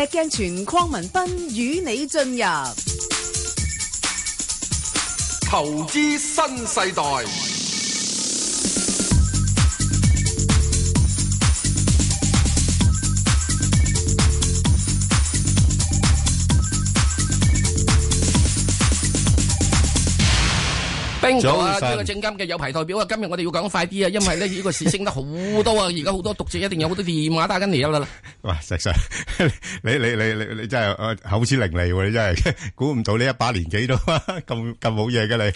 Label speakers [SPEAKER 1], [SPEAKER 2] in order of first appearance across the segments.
[SPEAKER 1] 石鏡泉鄺文斌與你進入
[SPEAKER 2] 投資新世代。
[SPEAKER 1] 早晨啊！呢個正
[SPEAKER 2] 金嘅有牌代表啊，今日我哋要講快啲啊，因為咧呢個市升得好多啊，而家好多讀者一定有好多電話打緊嚟啦啦。
[SPEAKER 1] 哇！石生，你你你你你真係口齒伶俐喎，你真係估唔到你一把年紀都咁咁冇嘢嘅你。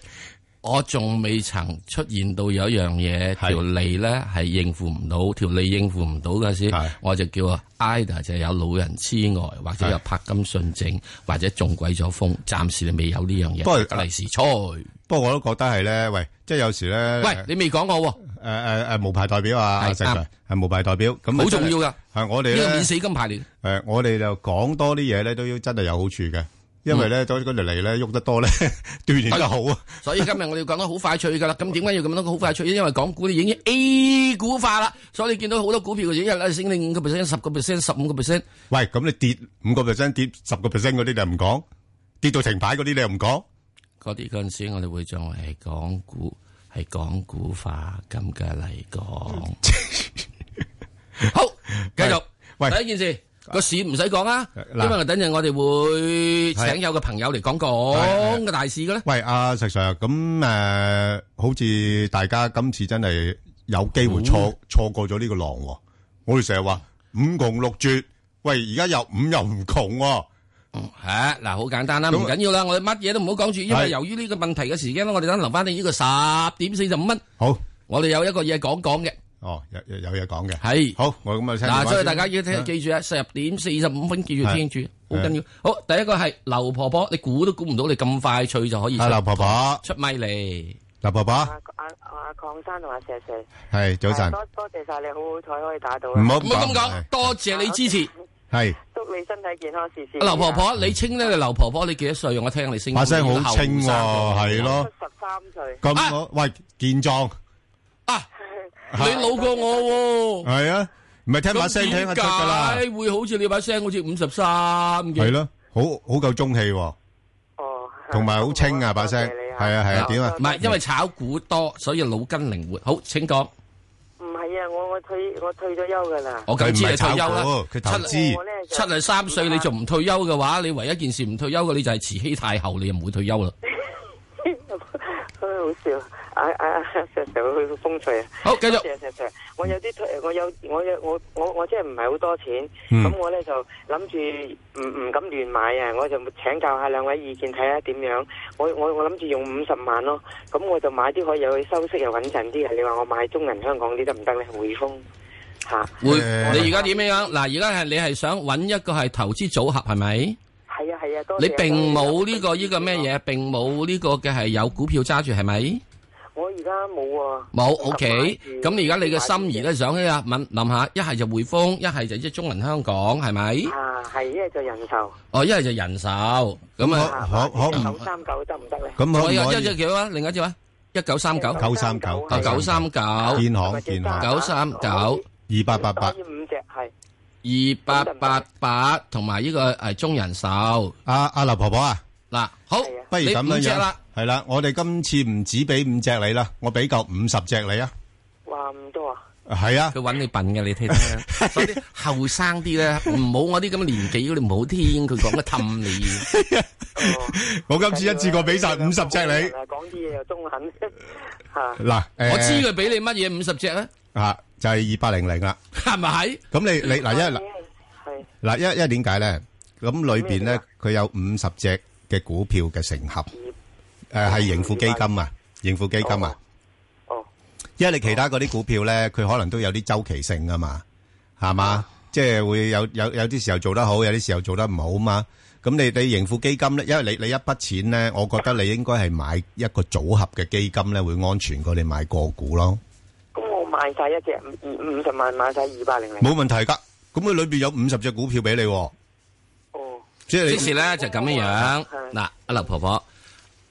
[SPEAKER 1] 我仲未曾出現到有一樣嘢條
[SPEAKER 2] 脷咧係應付唔到，條脷應付唔到嗰陣時，我就叫啊 ida 就係有老人痴呆或者有柏金遜症或者中鬼咗風，暫時你未有呢樣嘢。不過嚟時
[SPEAKER 1] 錯，不過我都覺得係咧，喂，即係有時咧。喂，你未講我喎？誒誒誒，無牌代表啊，阿石係無牌代表，咁好重要㗎。係我哋呢個免死金牌嚟。誒，我哋就講多啲嘢咧，都要真係有好處嘅。因為咧，當嗰條脷咧喐得多咧，鍛煉就好啊。所以今日我哋要講得好快脆噶啦。咁點解要咁多個好快脆？因為港股咧已經 A 股化啦，所以你見到好多股票嘅已經咧升令五個 percent、十個 percent、十五個 percent。喂，咁你跌五個 percent、跌十個 percent 嗰啲你又唔講？跌到停牌嗰啲你又唔講？
[SPEAKER 2] 嗰啲嗰陣時我哋會作為港股，係港股化咁嘅嚟講。好，繼續。喂，第一件事。個市唔使講啊，因為等陣我哋會請有個朋友嚟，講講
[SPEAKER 1] 個大事嘅咧。喂，阿、啊、石 Sir Sir，咁誒、呃，好似大家今次真係有機會錯錯、哦、過咗呢個浪、哦，我哋成日話五窮六絕，喂，而家又五又唔窮、哦。嗯、啊，嗱，好簡單啦、啊，唔緊那要啦，我哋乜嘢都唔好講住，
[SPEAKER 2] 因為由於呢個問題嘅時間咧，的我哋等留翻你呢個十點四十五蚊。好，我哋有一個嘢講講嘅。
[SPEAKER 1] 哦，有有有嘢講嘅係好，我咁啊，嗱，所以大家要聽記
[SPEAKER 2] 住啊，十點四十五分記住聽住，好緊要。好，第一個係劉婆婆，你估都估唔到你咁快脆就可以。係劉婆婆出咪嚟，劉婆婆阿阿阿鄺生同阿石石，係早晨，多多謝晒你，好好彩可以打到啦。唔好唔好咁講，多謝你支持，係
[SPEAKER 1] 祝你身體健康，時時。劉婆婆，你
[SPEAKER 2] 清咧？劉婆婆，你幾多歲？讓我聽你聲。把聲好清，係咯，十三
[SPEAKER 1] 歲。咁我喂健壯啊！你
[SPEAKER 2] 老過我喎，係
[SPEAKER 1] 啊，唔係聽把聲聽得得噶啦，
[SPEAKER 2] 會好似你把聲好似五十三嘅，係咯，
[SPEAKER 1] 好好夠中氣，哦，同埋好清
[SPEAKER 2] 啊把聲，係啊係啊，點啊？唔係因為炒股多，所以腦筋靈活。好，請講。唔係啊，我我退我退咗休噶啦，我梗係唔退休啦，佢投七啊三歲，你仲唔退休嘅話，你唯一件事唔退休嘅，你就係慈禧太后，你唔會退休啦。好笑。啊啊！成日去去風趣啊！Ughs, 啊 App, 好，繼續 s ans。 我有啲，我有我有我我我即係唔係好多錢。咁、嗯嗯、我咧就諗住唔唔敢亂買啊！我就請教下兩位意見，睇下點樣。我我我諗住用五十萬咯。咁我就買啲可以去收息又穩陣啲嘅。你話我買中銀香港啲得唔得咧？匯豐吓匯，你而家點樣？嗱，而家係你係想揾一個係投資組合係咪？係啊係啊，哎、多謝你。並冇呢個呢個咩嘢，並冇呢個嘅係有股票揸住係咪？我而家冇啊，冇 OK。咁你而家你嘅心意咧，想起啊問諗下，一係就匯豐，一係就即係中銀香港，係咪？啊，係一係就人壽。哦，一係就人壽，咁啊，可可唔九三九得唔得咧？咁好，我有一隻幾多啊？另一隻啊？一九三九，九三九，九三九，建行建行，九三九，二八八八，五只係二八八八，
[SPEAKER 1] 同埋呢個係中人壽。阿阿劉婆婆啊，嗱，好，不如咁樣。係啦，我哋今次唔止俾五隻你啦，我俾夠五十隻你啊！話唔多啊，係啊，佢
[SPEAKER 2] 揾你笨嘅，你聽聽，講
[SPEAKER 1] 啲後生啲咧，唔好我啲
[SPEAKER 2] 咁嘅年紀，你唔好聽佢講得氹你。我今次一次過俾晒五十隻你，講啲嘢又中肯吓。嗱，我知佢俾你乜嘢五十隻
[SPEAKER 1] 咧吓，就係二八零零啦，
[SPEAKER 2] 係咪？咁你你嗱因為嗱因
[SPEAKER 1] 為因為點解咧？咁裏邊咧佢有五十隻嘅股票嘅成盒。誒，係盈富基金啊，盈富基金啊，哦，因為你其他嗰啲股票咧，佢可能都有啲周期性噶嘛，係嘛，即係會有有有啲時候做得好，有啲時候做得唔好嘛。咁你你盈富基金咧，因為你你一筆錢咧，我覺得你應該係買一個組合嘅基金咧會安全過你買個股咯。咁我買
[SPEAKER 2] 晒一隻，五十萬買晒二百零零。冇
[SPEAKER 1] 問題噶，咁佢裏邊有五十隻股票俾你。哦，即係你意思咧就咁樣樣。嗱，阿劉婆婆。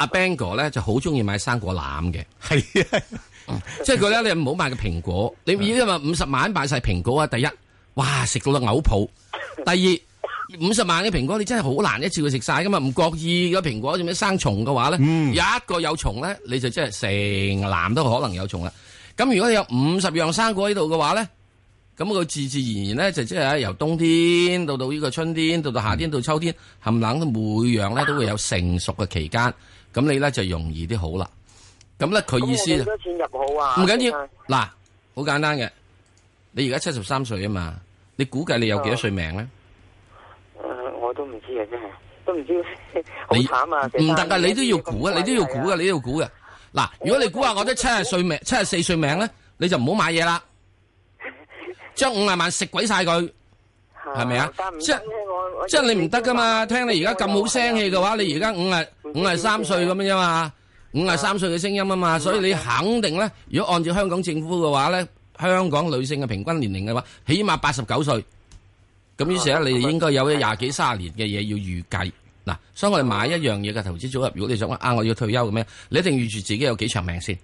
[SPEAKER 2] 阿 Bang 哥咧就好中意買生果籃嘅，係、 嗯、即係佢咧，你唔好買個蘋果， 你因為五十萬買晒蘋果啊！第一，哇，食到啦嘔泡；第二，五十萬嘅蘋果你真係好難一次去食晒噶嘛，唔覺意個蘋果做咩生蟲嘅話咧，嗯、有一個有蟲咧，你就真係成籃都可能有蟲啦。咁如果你有五十樣生果喺度嘅話咧，咁佢自自然然咧就即係由冬天到到呢個春天，到到夏天、嗯、到秋天，冚冷都每樣咧都會有成熟嘅期間。咁你咧就容易啲好啦，咁咧佢意思
[SPEAKER 1] 唔緊要，
[SPEAKER 2] 嗱、啊，好簡單嘅，你而家七十三歲啊嘛，你估計你有幾多歲命咧？誒、呃，我都唔知，都唔知 啊，真係都唔知，好慘啊！唔得噶，你都要估啊，你都要估噶，你都要估噶。嗱，如果你估下我得七十歲命，七十四歲命咧，你就唔好買嘢啦，將五十萬食鬼晒佢。係咪啊？即係即係你唔得噶嘛？聽你而家咁好聲氣嘅話，你而家五啊五啊三歲咁樣嘛？五啊三歲嘅聲音啊嘛，所以你肯定咧，如果按照香港政府嘅話咧，香港女性嘅平均年齡嘅話，起碼八十九歲，咁於是咧，你應該有咗廿幾卅年嘅嘢，要預計。嗱，所以我哋買一樣嘢嘅投資組合，如果你想啊，我要退休咁咩？你一定預住自己有幾長命先，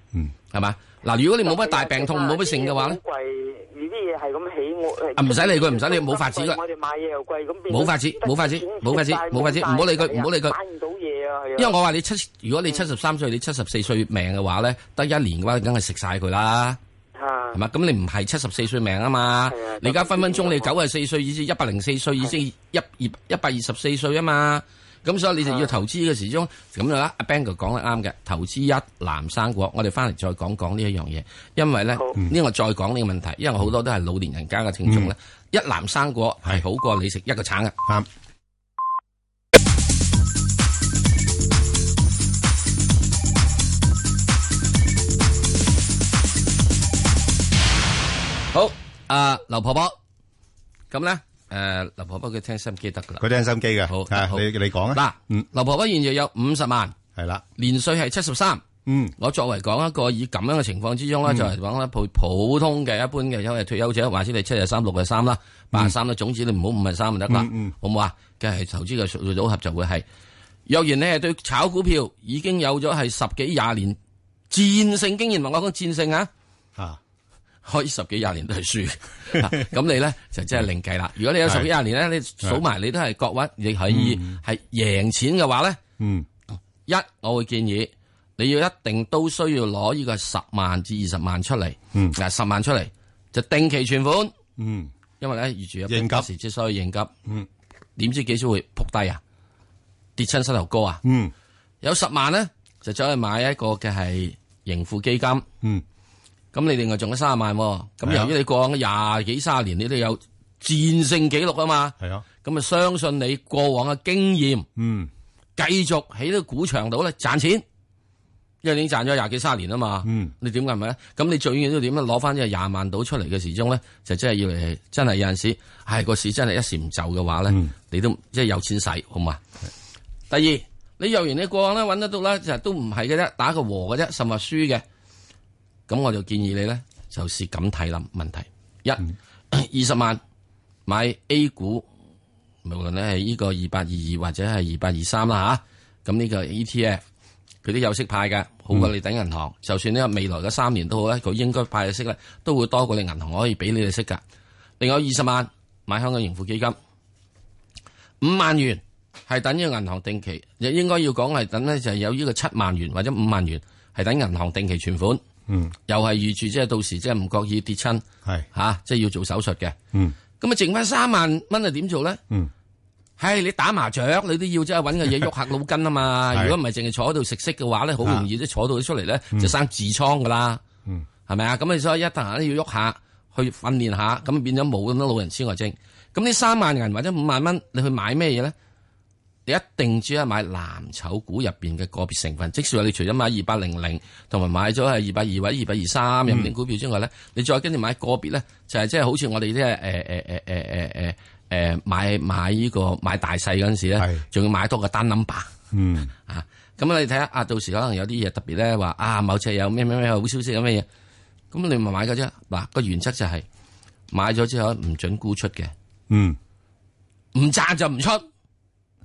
[SPEAKER 2] 係嘛？嗱，如果你冇乜大病痛，冇乜剩嘅話呢，貴啲嘢係咁起，我係，唔使理佢，唔使理，冇法子，我哋買嘢又貴，咁變，冇法子，冇法子，冇法子，冇法子，冇法子，唔好理佢，唔好理佢。買唔到嘢啊！因為我話你七，如果你七十三歲，你七十四歲命嘅話呢，得一年嘅話，你梗係食晒佢啦。吓，係嘛？咁你唔係七十四歲命啊嘛？你而家分分鐘你九十四歲，以至一百零四歲，以至一二一百二十四歲啊嘛？咁所以你就要投資嘅始終咁樣啦。阿 Bang 哥講得啱嘅，投資一籃生果，我哋翻嚟再講講呢一樣嘢。因為咧呢個再講呢個問題，因為好多都係老年人家嘅聽眾咧，一籃生果係好過你食一個橙嘅。啱。好，阿劉婆婆，咁咧？誒，劉婆婆佢聽心機得噶啦，佢聽心機嘅。好，你你講啊。嗱，劉婆婆現在有五十萬，係啦，年歲係七十三。嗯，我作為講一個以咁樣嘅情況之中咧，就係講咧普通嘅、一般嘅、退休者，或者你七十三、六十三啦、八十三啦，總之你唔好五十三就得啦。好唔好啊？即係投資嘅組合就會係，若然你咧對炒股票已經有咗係十幾廿年戰勝經驗，我講戰勝啊。啊。開十幾廿年都係輸，咁你咧就真係另計啦。如果你有十幾廿年咧，你數埋你都係各位，亦可以係贏錢嘅話咧，嗯，一我會建議你要一定都需要攞呢個十萬至二十萬出嚟，嗯，嗱十萬出嚟就定期存款，嗯，因為咧預住有變卦時之所以應急，嗯，點知幾時會撲低啊？跌親膝頭哥啊？嗯，有十萬咧就走去買一個嘅係盈富基金，嗯。咁你另外仲有卅萬，咁由於你過往廿幾卅年你都有戰勝記錄啊嘛，係啊的，咁啊相信你過往嘅經驗，嗯，繼續喺呢個股場度咧賺錢，因為你賺咗廿幾卅年啊嘛，嗯，你點解咪？咁你最緊要都點啊？攞翻啲廿萬到出嚟嘅時鐘咧，就真係要嚟。真係有陣時，唉個市真係一時唔就嘅話咧，嗯、你都即係、就是、有錢使，好嘛？的第二，你又然你過往咧揾得到啦，就都唔係嘅啫，打個和嘅啫，甚物輸嘅。咁我就建議你咧，就試咁睇諗問題。一、嗯、二十萬買 A 股，無論咧係呢個二百二二或者係二百二三啦，吓，咁呢個 E T F 佢都有息派嘅，好過你等銀行。嗯、就算呢個未來嘅三年都好咧，佢應該派嘅息咧都會多過你銀行可以俾你嘅息噶。另外二十萬買香港盈富基金，五萬元係等呢個銀行定期，亦應該要講係等咧就係有呢個七萬元或者五萬元係等銀行定期存款。嗯，又係預住即係到時即係唔覺意跌親係吓，即係要做手術嘅。嗯，咁啊剩翻三萬蚊啊，點做咧？嗯，唉、哎，你打麻雀你都要即係搵個嘢喐下腦筋啊嘛。如果唔係淨係坐喺度食息嘅話咧，好容易都坐到出嚟咧就生痔瘡噶啦。嗯，係咪啊？咁你、嗯、所以一但下都要喐下去訓練下，咁啊變咗冇咁多老人痴呆症。咁呢三萬人或者五萬蚊，你去買咩嘢咧？你一定只係買藍籌股入邊嘅個別成分，即係話你除咗買二百零零同埋買咗係二百二或者二百二三入邊股票之外咧，嗯、你再跟住買個別咧，就係即係好似我哋即係誒誒誒誒誒誒誒買買呢、呢個買大細嗰陣時咧，仲是要買多個單 number。嗯 啊，咁你睇下啊，到時可能有啲嘢特別咧話啊，某隻有咩咩咩好消息有咩嘢，咁你咪買噶啫。嗱、啊、個原則就係買咗之後唔准沽出嘅。嗯，唔賺就唔出。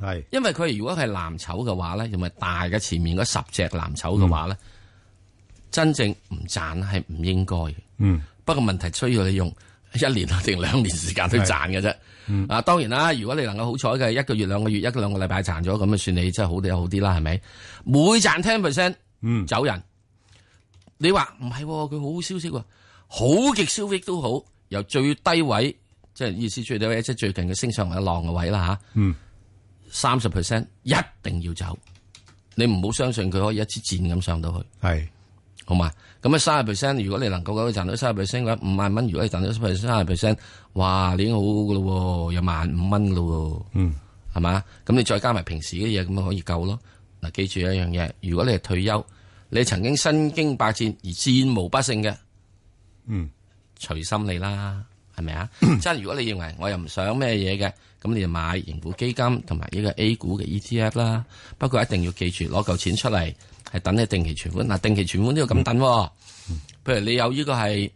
[SPEAKER 2] 係，是因為佢如果係藍籌嘅話咧，又咪大嘅前面嗰十隻藍籌嘅話咧，嗯、真正唔賺係唔應該嘅。嗯，不過問題需要你用一年定兩年時間去賺嘅啫。嗯，啊，當然啦，如果你能夠好彩嘅一個月兩個月一個兩個禮拜賺咗咁，咪算你真係好啲好啲啦，係咪？每賺 ten percent，走人。嗯、你話唔係喎佢，好消息，哦，好極消息都好，由最低位，即係意思最低位即係、就是、最近嘅升上嚟嘅浪嘅位啦，吓嗯、啊。啊三十 percent 一定要走，你唔好相信佢可以一支箭咁上到去。係是，好嘛？咁啊，三十 percent，如果你能夠賺到三十 percent 嘅話，五萬蚊如果你賺到三十 percent，哇，你已經好好噶咯，有萬五蚊噶咯。嗯，係嘛？咁你再加埋平時嘅嘢，咁咪可以夠咯。嗱，記住一樣嘢，如果你係退休，你曾經身經百戰而戰無不勝嘅，嗯，隨心你啦，係咪啊？ 即係，如果你認為我又唔想咩嘢嘅。咁你就買盈富基金同埋呢個 A 股嘅 ETF 啦，不過一定要記住攞嚿錢出嚟，係等你定期存款。嗱，定期存款都要咁等、喔，嗯、譬如你有呢個係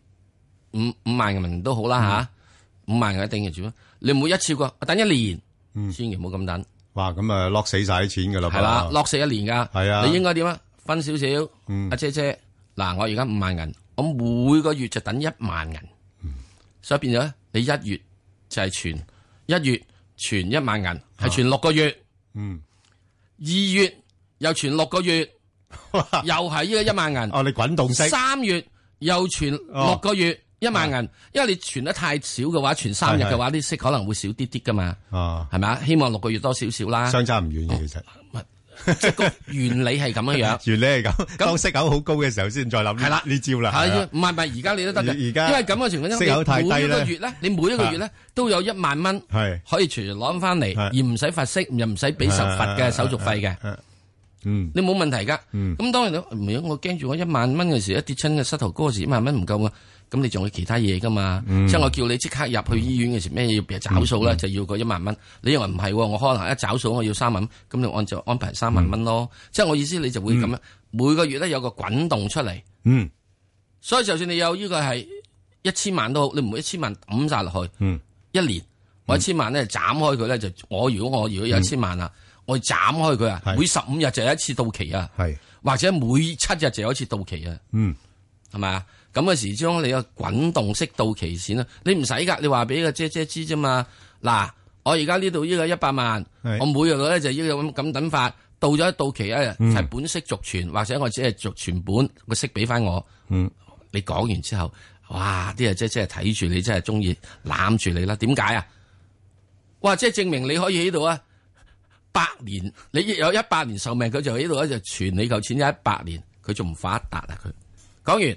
[SPEAKER 2] 五五萬人民都好啦吓，五、嗯、萬人民定期存款，你每一次過等一年，千祈唔好咁等。哇，咁啊 lock 死晒啲錢噶啦，係啦，lock 死一年噶，係啊的，你應該點啊？分少少，阿、嗯、姐姐。嗱，我而家五萬銀，我每個月就等一萬銀，嗯、所以變咗你一月就係存一月。存一萬銀，係存、啊、六個月，嗯，二月又存六個月， 又係呢個一萬銀。哦，你滾動式。三月又存六個月、哦、一萬銀，啊、因為你存得太少嘅話，存三日嘅話啲是息可能會少啲啲㗎嘛。哦、啊，係
[SPEAKER 1] 咪啊？希望六個月多少少啦。相差唔遠嘅其實。啊。個原理係咁樣樣，原理係咁，當息口好高嘅時候先再諗。係啦，你照啦。唔係唔
[SPEAKER 2] 係，而家你都得噶。而家因為咁嘅情況，息口太低啦。每一個月咧，你每一個月咧都有一萬蚊，
[SPEAKER 1] 係可以隨時攞翻
[SPEAKER 2] 嚟，而唔使罰息，又唔使俾受罰嘅手續費嘅。嗯，你冇問題噶。嗯，咁當然啦，唔係我驚住我一萬蚊嘅時候，一跌親嘅膝頭哥時，一萬蚊唔夠啊。咁你仲有其他嘢噶嘛？即係我叫你即刻入去醫院嘅時，咩要找數啦？就要個一萬蚊。你又話唔係？我可能一找數我要三萬，咁你按照安排三萬蚊咯。即係我意思，你就會咁樣。每個月咧有個滾動出嚟。嗯。所以就算你有呢個係一千萬都好，你唔會一千萬抌晒落去。嗯。一年，我一千萬咧，斬開佢咧，就我如果我如果有一千萬啊，我斬開佢啊，每十五日就有一次到期啊，係，或者每七日就有一次到期啊。嗯。係咪啊？咁嘅時將你個滾動式到期錢啦，你唔使噶，你話俾個姐姐知啫嘛。嗱，我而家呢度呢個一百萬，是我每日咧就要個咁咁等法到咗到期一日係、就是、本息續存，嗯、或者我只係續存本個息俾翻我。嗯、你講完之後，哇！啲人即即係睇住你，真係中意攬住你啦。點解啊？哇！即係證明你可以喺度啊！百年你有一百年壽命，佢就喺度咧就存你嚿錢一百年，
[SPEAKER 1] 佢仲唔發達啊？佢講完。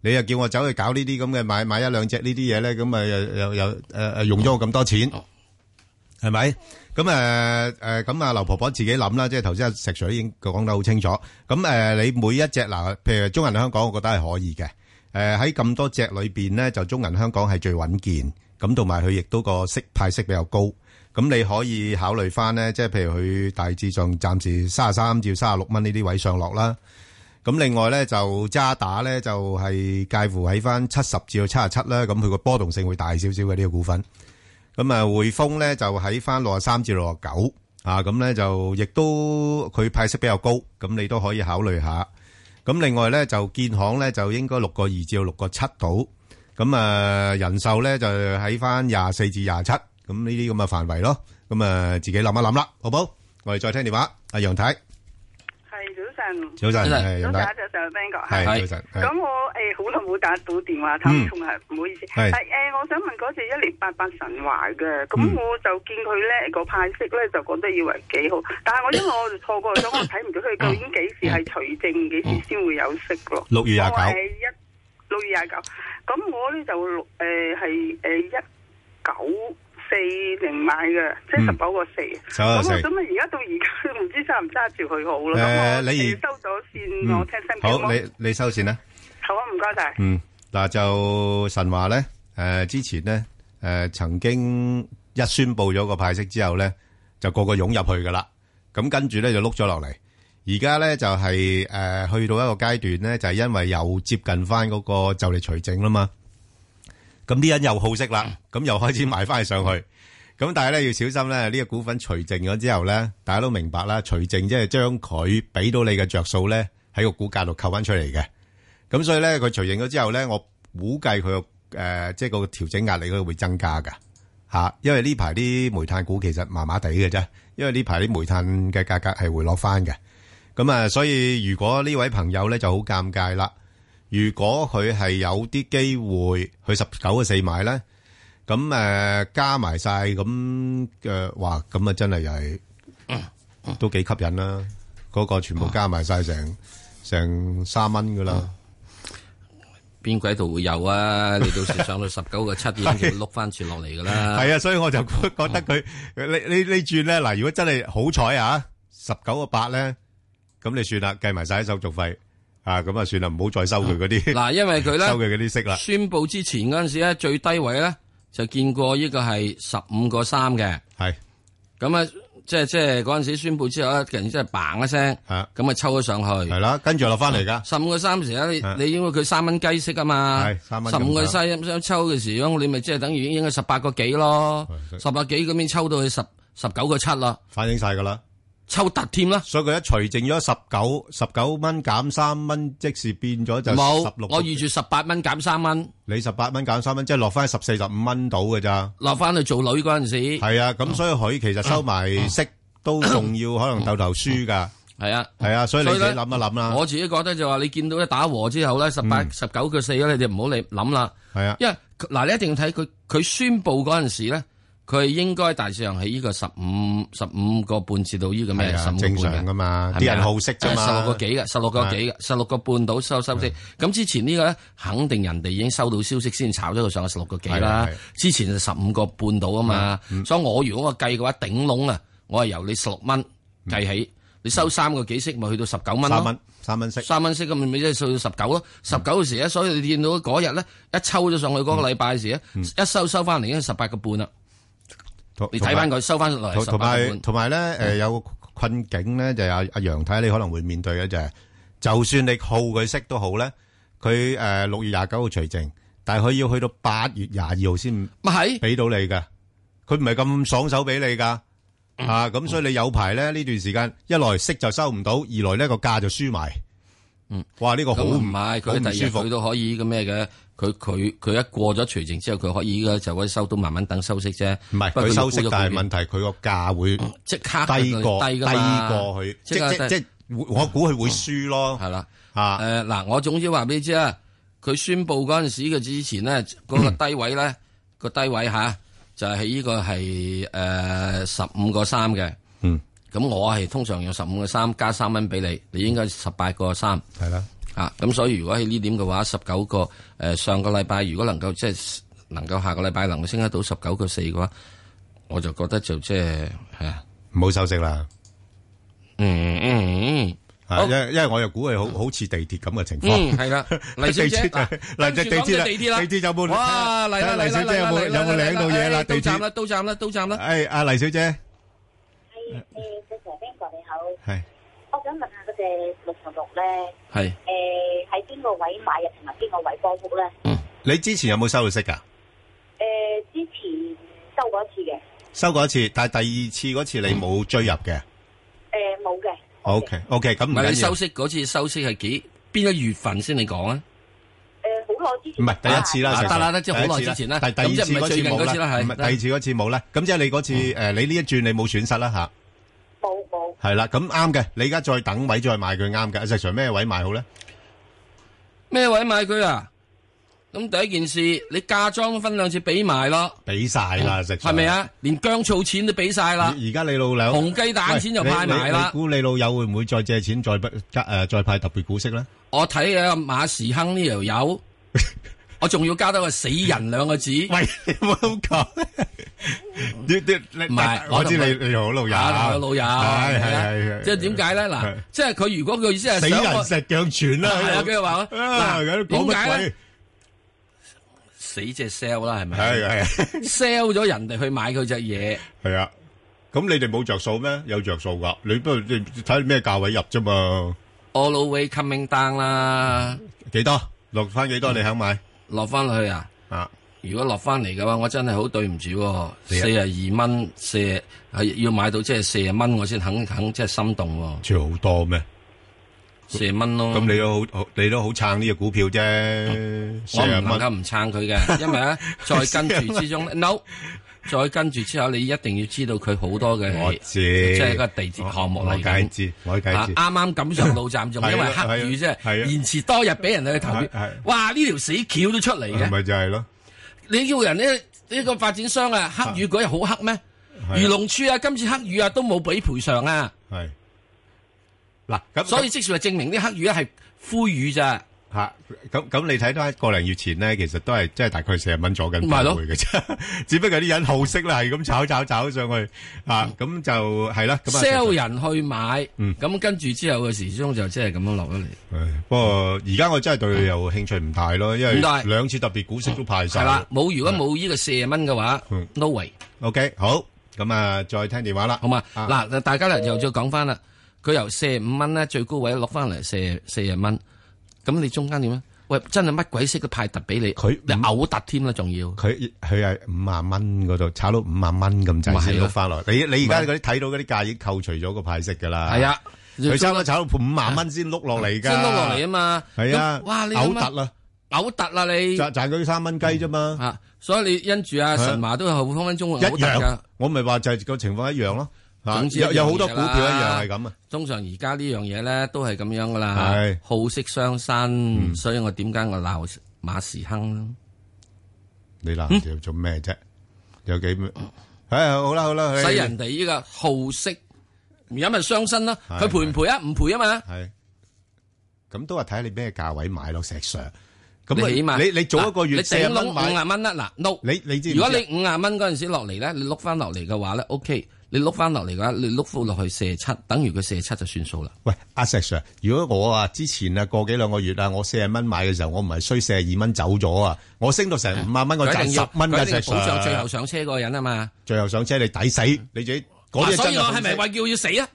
[SPEAKER 1] 你又叫我走去搞呢啲咁嘅買買一兩隻呢啲嘢咧，咁啊又又又誒誒用咗我咁多錢，係咪？咁誒誒咁啊劉婆婆自己諗啦，即係頭先阿石 Sir 已經講得好清楚。咁、呃、誒，你每一隻嗱，譬如中銀香港，我覺得係可以嘅。誒、呃，喺咁多隻裏邊咧，就中銀香港係最穩健。咁同埋佢亦都個息派息比較高。咁你可以考慮翻咧，即係譬如佢大致上暫時卅三至卅六蚊呢啲位上落啦。咁另外咧就渣打咧就係介乎喺翻七十至到七十七啦，咁佢個波動性會大少少嘅，呢個股份。咁啊匯豐咧就喺翻六十三至六十九啊，咁咧就亦都佢派息比較高，咁你都可以考慮下。咁另外咧就建行咧就應該六個二至到六個七度。咁啊人壽咧就喺翻廿四至廿七，咁呢啲咁嘅範圍咯。咁啊自己諗一諗啦，好唔好？我哋再聽電話，阿楊太。早晨，
[SPEAKER 2] 早晨，早晨，Ben 哥，係，早晨，咁我誒好耐冇打到電話，咁同係唔好意思，係誒，我想問嗰隻一零八八神話嘅，咁我就見佢咧個派息咧就講得以為幾好，但係我因為我就錯過咗，我睇唔到佢究竟幾時係除正，幾時先會有息咯，六月廿九，係一六月廿九，咁我咧就六誒係誒一九。四零買嘅，即係十九個四。咁啊、嗯，咁啊、嗯，而家到而家都唔知揸唔揸住佢好咯。誒，你收咗線，
[SPEAKER 1] 我聽新聞。好，謝謝你你收線啦。好啊，唔該晒。嗯，嗱就神話咧，誒、呃、之前咧，誒、呃、曾經一宣布咗個派息之後咧，就個個湧入去噶啦。咁跟住咧就碌咗落嚟。而家咧就係、是、誒、呃、去到一個階段咧，就係、是、因為又接近翻嗰個就嚟除淨啦嘛。咁呢人又好識啦，咁又開始買翻上去。咁、嗯、但係咧要小心咧，呢、呢個股份除淨咗之後咧，大家都明白啦。除淨即係將佢俾到你嘅着數咧，喺個股價度扣翻出嚟嘅。咁所以咧，佢除淨咗之後咧，我估計佢誒即係個調整壓力會增加噶吓。因為呢排啲煤炭股其實麻麻地嘅啫，因為呢排啲煤炭嘅價格係回落翻嘅。咁啊，所以如果呢位朋友咧就好尷尬啦。如果佢係有啲機會，去十九個四買咧，咁誒、呃、加埋晒，咁嘅話，咁啊真係又係都幾吸引啦！嗰、嗰個全部加埋晒、啊、成成三蚊噶啦，
[SPEAKER 2] 邊鬼度會有啊？你到時上到十九個七點，佢
[SPEAKER 1] 碌翻轉落嚟噶啦。係啊，所以我就覺得佢、啊、你你你轉咧嗱，如果真係好彩啊，十九個八咧，咁你算啦，計埋晒啲手續費。啊，咁啊算啦，唔好再收佢嗰啲。嗱，因為佢咧，收佢嗰啲息啦。宣布之
[SPEAKER 2] 前嗰陣時咧，最低位咧就見過呢個係十五個三嘅。係，咁啊，即係即係嗰陣時宣布之後咧，突然之間 bang 一聲，咁啊抽咗上去。係
[SPEAKER 1] 啦，跟住落翻嚟噶。
[SPEAKER 2] 十五個三時咧，你應該佢三蚊雞息啊嘛，十五個三想抽嘅時，你咪即係等於已經應該十八個幾咯，十八幾嗰邊抽到去十
[SPEAKER 1] 十九個七啦，反映晒噶啦。抽突添啦，所以佢一除剩咗十九十九蚊減三蚊，即時變咗就冇十六。我預住十八蚊減三蚊，你十八蚊減三蚊，即係落翻十四十五蚊到嘅咋？落翻去做女嗰陣時，係啊，咁所以佢其實收埋息都仲要可能斗頭輸噶，係啊，係啊，所以你自己諗一
[SPEAKER 2] 諗啦。我自己覺得就話你見到一打和之後咧，十八十九個四咧，你哋唔好嚟諗啦。係啊，因為嗱，你一定要睇佢佢宣布嗰陣時咧。佢應該大致上係呢個十五十五個半至到呢個咩啊？十五個半，正常噶嘛，啲人好息啫嘛。十六個幾嘅，十六個幾嘅，十六個半到收收息。咁之前呢個咧，肯定人哋已經收到消息先炒咗佢上十六個幾啦。之前就十五個半到啊嘛。所以我如果我計嘅話，頂籠啊，我係由你十六蚊計起，你收三個幾息，咪去到十九蚊咯。三蚊，三蚊息，三蚊息咁咪即係收到十九咯。十九嘅時咧，所以你見到嗰日咧，一抽咗上去嗰個禮拜嘅時咧，一收收翻嚟已經十八個半啦。你睇翻佢收翻落嚟，同埋同
[SPEAKER 1] 埋咧，誒有個困境咧，就阿阿楊太，你可能會面對嘅就係，就算你耗佢息都好咧，佢誒六月廿九號除淨，但係佢要去到八月廿二號先，咪係俾到你噶，佢唔係咁爽手俾你噶，啊咁所以你有排咧呢段時間，一來息就收唔到，二來呢個價就輸埋，嗯，哇呢個好唔係佢舒服佢都可以個咩嘅？佢佢佢一
[SPEAKER 2] 過咗除淨之後，佢可以就可以收到慢慢等收息啫。唔係佢收息，但係問題佢個價會即刻低過低過佢。即即即
[SPEAKER 1] 我估佢會輸
[SPEAKER 2] 咯。係啦，啊誒嗱，我總之話俾你知啊，佢宣佈嗰陣時嘅之前呢，嗰個低位咧，個低位吓就係呢個係誒十五個三嘅。嗯，咁我係通常用十五個三加三蚊俾你，你應該十八個三。係啦。啊，咁所以如果喺呢點嘅話，十九個誒，上個禮拜如果能夠即係能夠下個禮拜能夠升得到十九個四嘅話，我就覺得就即係
[SPEAKER 1] 係啊，冇收息啦。嗯嗯，啊，因因為我又估計好好似地鐵咁嘅情況。嗯，係啦，嚟地鐵就嚟隻地鐵，地鐵啦，地鐵有冇？哇，嚟啦黎小姐有冇有冇領到嘢啦？地鐵啦，到站啦，到站啦，誒，阿黎小姐。
[SPEAKER 2] 即係六十六咧，係誒喺邊個位買入，同埋邊個位沽股咧？
[SPEAKER 1] 嗯，你之前有冇收到息噶？誒，之前收過
[SPEAKER 2] 一次嘅，
[SPEAKER 1] 收過一次，但係第二次嗰次你冇追入嘅，誒，冇嘅。O K，O K，咁唔係你收
[SPEAKER 2] 息嗰次收息係幾邊一月份先你講咧？誒，
[SPEAKER 1] 好耐之前，唔係第一次啦，得啦即係好耐之前啦，第二次，唔係最近嗰次啦，係第二次嗰次冇啦，咁即係你嗰次誒，你呢一轉你冇損失啦吓。冇冇，係啦，咁啱嘅。你而家再等位再賣佢啱嘅，阿石常咩位賣好咧？
[SPEAKER 2] 咩位賣佢啊？咁第一件事，你嫁妝分兩次俾埋咯，俾晒啦，石係咪啊？連薑醋錢都俾晒啦。而家你老兩紅雞蛋錢就派埋啦。估
[SPEAKER 1] 你老友會唔會再借錢再加誒？再派特別股息咧？
[SPEAKER 2] 我睇阿馬時亨呢條友。我仲要加多個死人兩個字，喂，好講，啲啲唔係，我知你你好老友，老友，係係係，即係點解咧？嗱，即係佢如果個意思係死人石
[SPEAKER 1] 鏡泉啦，跟住話，講咩咧？
[SPEAKER 2] 死隻 sell 啦，係咪？係係 sell 咗人哋去買佢隻嘢，
[SPEAKER 1] 係啊？咁你哋冇着數咩？有着數噶，你不過睇咩價位入啫嘛？All the
[SPEAKER 2] way coming down 啦，幾多
[SPEAKER 1] 落翻幾多你肯買？落翻去啊！啊
[SPEAKER 2] 如果落翻嚟嘅話，我真係好對唔住、哦，四十二蚊，四係要買到即係四十蚊，我先肯肯即係心動喎、哦。差好多咩？四十蚊咯。咁你都好，你都好撐呢個股票啫。啊、元我唔敢唔撐佢嘅，因為再、啊、 跟住之中 40 元 no。再跟住之後，你一定要知道佢好多嘅，即係個
[SPEAKER 1] 地鐵項目嚟嘅。我解我解啱
[SPEAKER 2] 啱咁上到站，仲因為黑雨啫，延遲多日俾人哋去投票。哇！呢條死橋都出嚟嘅，咪就係咯。你要人咧，呢個發展商啊，黑雨嗰日好黑咩？漁農處啊，今
[SPEAKER 1] 次黑雨啊，都冇俾賠償啊。係。嗱，所以即係話證明啲黑雨咧係灰雨咋。吓，咁咁你睇到喺個零月前咧，其實都係即係大概四十蚊坐緊低位嘅啫，只不過啲人好色啦，係咁炒炒炒上去啊，咁就係啦。sell
[SPEAKER 2] 人去買，嗯，咁跟住之後嘅時鐘就即係咁樣落咗
[SPEAKER 1] 嚟。誒，不過而家我真係對佢有興趣唔大咯，因為兩次特別股息都派晒。係啦，
[SPEAKER 2] 冇如果冇呢個四十蚊嘅話，no way。OK，好，咁啊，再聽電話啦，好嘛？嗱，大家咧又再講翻啦，佢由四十五蚊咧最高位落翻嚟四四十蚊。咁你中間點啊？喂，真係乜鬼息嘅派特俾你？佢你嘔特
[SPEAKER 1] 添啦，仲要。佢佢係五萬蚊嗰度炒到五萬蚊咁滯先碌翻落。你你而家嗰啲睇到嗰啲價已經扣除咗個派息噶啦。係啊，佢差唔多炒到五萬蚊先碌落嚟噶。真碌落嚟啊嘛。係啊。哇，嘔特啦，嘔特啦你。賺賺嗰啲三蚊雞
[SPEAKER 2] 啫嘛。吓，所以你因住阿神華都係
[SPEAKER 1] 分分鐘嘔特噶。一樣，我咪話就係個情況一樣咯。總之有有好多股票咧，又係咁啊！
[SPEAKER 2] 通常而家呢樣嘢咧，都係咁樣噶啦。係好色傷身，所以我點解我鬧馬時亨
[SPEAKER 1] 咧？你鬧佢做咩啫？有幾咩？唉，好啦好啦，使人哋依個好
[SPEAKER 2] 色唔飲咪傷身咯。佢賠唔賠啊？唔賠啊嘛。係
[SPEAKER 1] 咁都係睇下你咩價位買落石上，咁起碼你你做一個月掹五廿蚊啊？嗱，no，你你知？如果你五
[SPEAKER 2] 廿蚊嗰陣時落嚟咧，你碌翻落嚟嘅話咧，OK。你碌
[SPEAKER 1] 翻落嚟嘅話，你碌翻落去四十七，等於佢四十七就算數啦。喂，阿石 Sir，如果我啊之前啊過幾兩個月啊，我四十蚊買嘅時候，我唔係衰四十二蚊走咗啊，我升到成五萬蚊，我賺十蚊嘅石 Sir。最後上車嗰個人啊嘛，最後上車你抵死你自己嗰隻真係。所以我係咪
[SPEAKER 2] 話叫要死啊？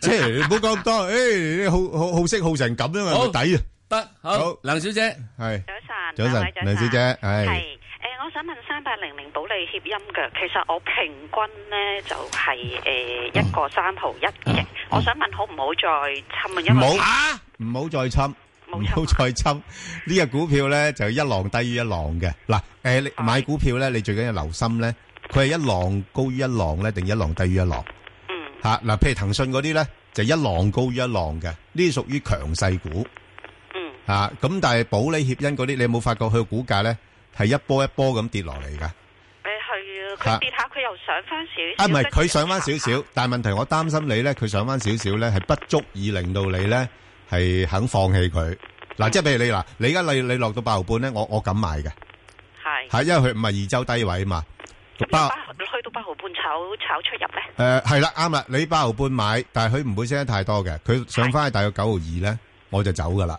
[SPEAKER 1] 即係唔好講咁多，誒，好好好識好成咁啊嘛，好抵啊！得，好梁小姐係。
[SPEAKER 2] 早晨，早晨，梁小姐係。我想問三八零零保利協鑫嘅，其實我平均咧就係誒一個三毫一嘅。
[SPEAKER 1] 我想問，好唔好再侵？唔好吓，唔好再侵，唔好再侵。呢個股票咧就一浪低於一浪嘅。嗱，誒，你買股票咧，你最緊要留心咧，佢係一浪高於一浪咧，定一浪低於一浪？嗯。吓嗱，譬如騰訊嗰啲咧，就一浪高於一浪嘅，呢啲屬於強勢股。嗯。吓咁，但係保利協鑫嗰啲，你有冇發覺佢股價咧？係一波一波咁跌落嚟噶，誒係、嗯、啊，佢跌下佢又上翻少、啊，啊唔係佢上翻少少，嗯、但係問題我擔心你咧，佢上翻少少咧係不足以令到你咧係肯放棄佢。嗱、啊，即係譬如你嗱，你而家你你，你落到八毫半咧，我我敢買嘅，係係、啊、因為佢唔係二周低位啊嘛，咁包去到八毫半炒炒出入咧？誒係啦，啱啦、啊，你八毫半買，但係佢唔會升得太多嘅，佢上翻去大約九毫二咧，我就走噶啦。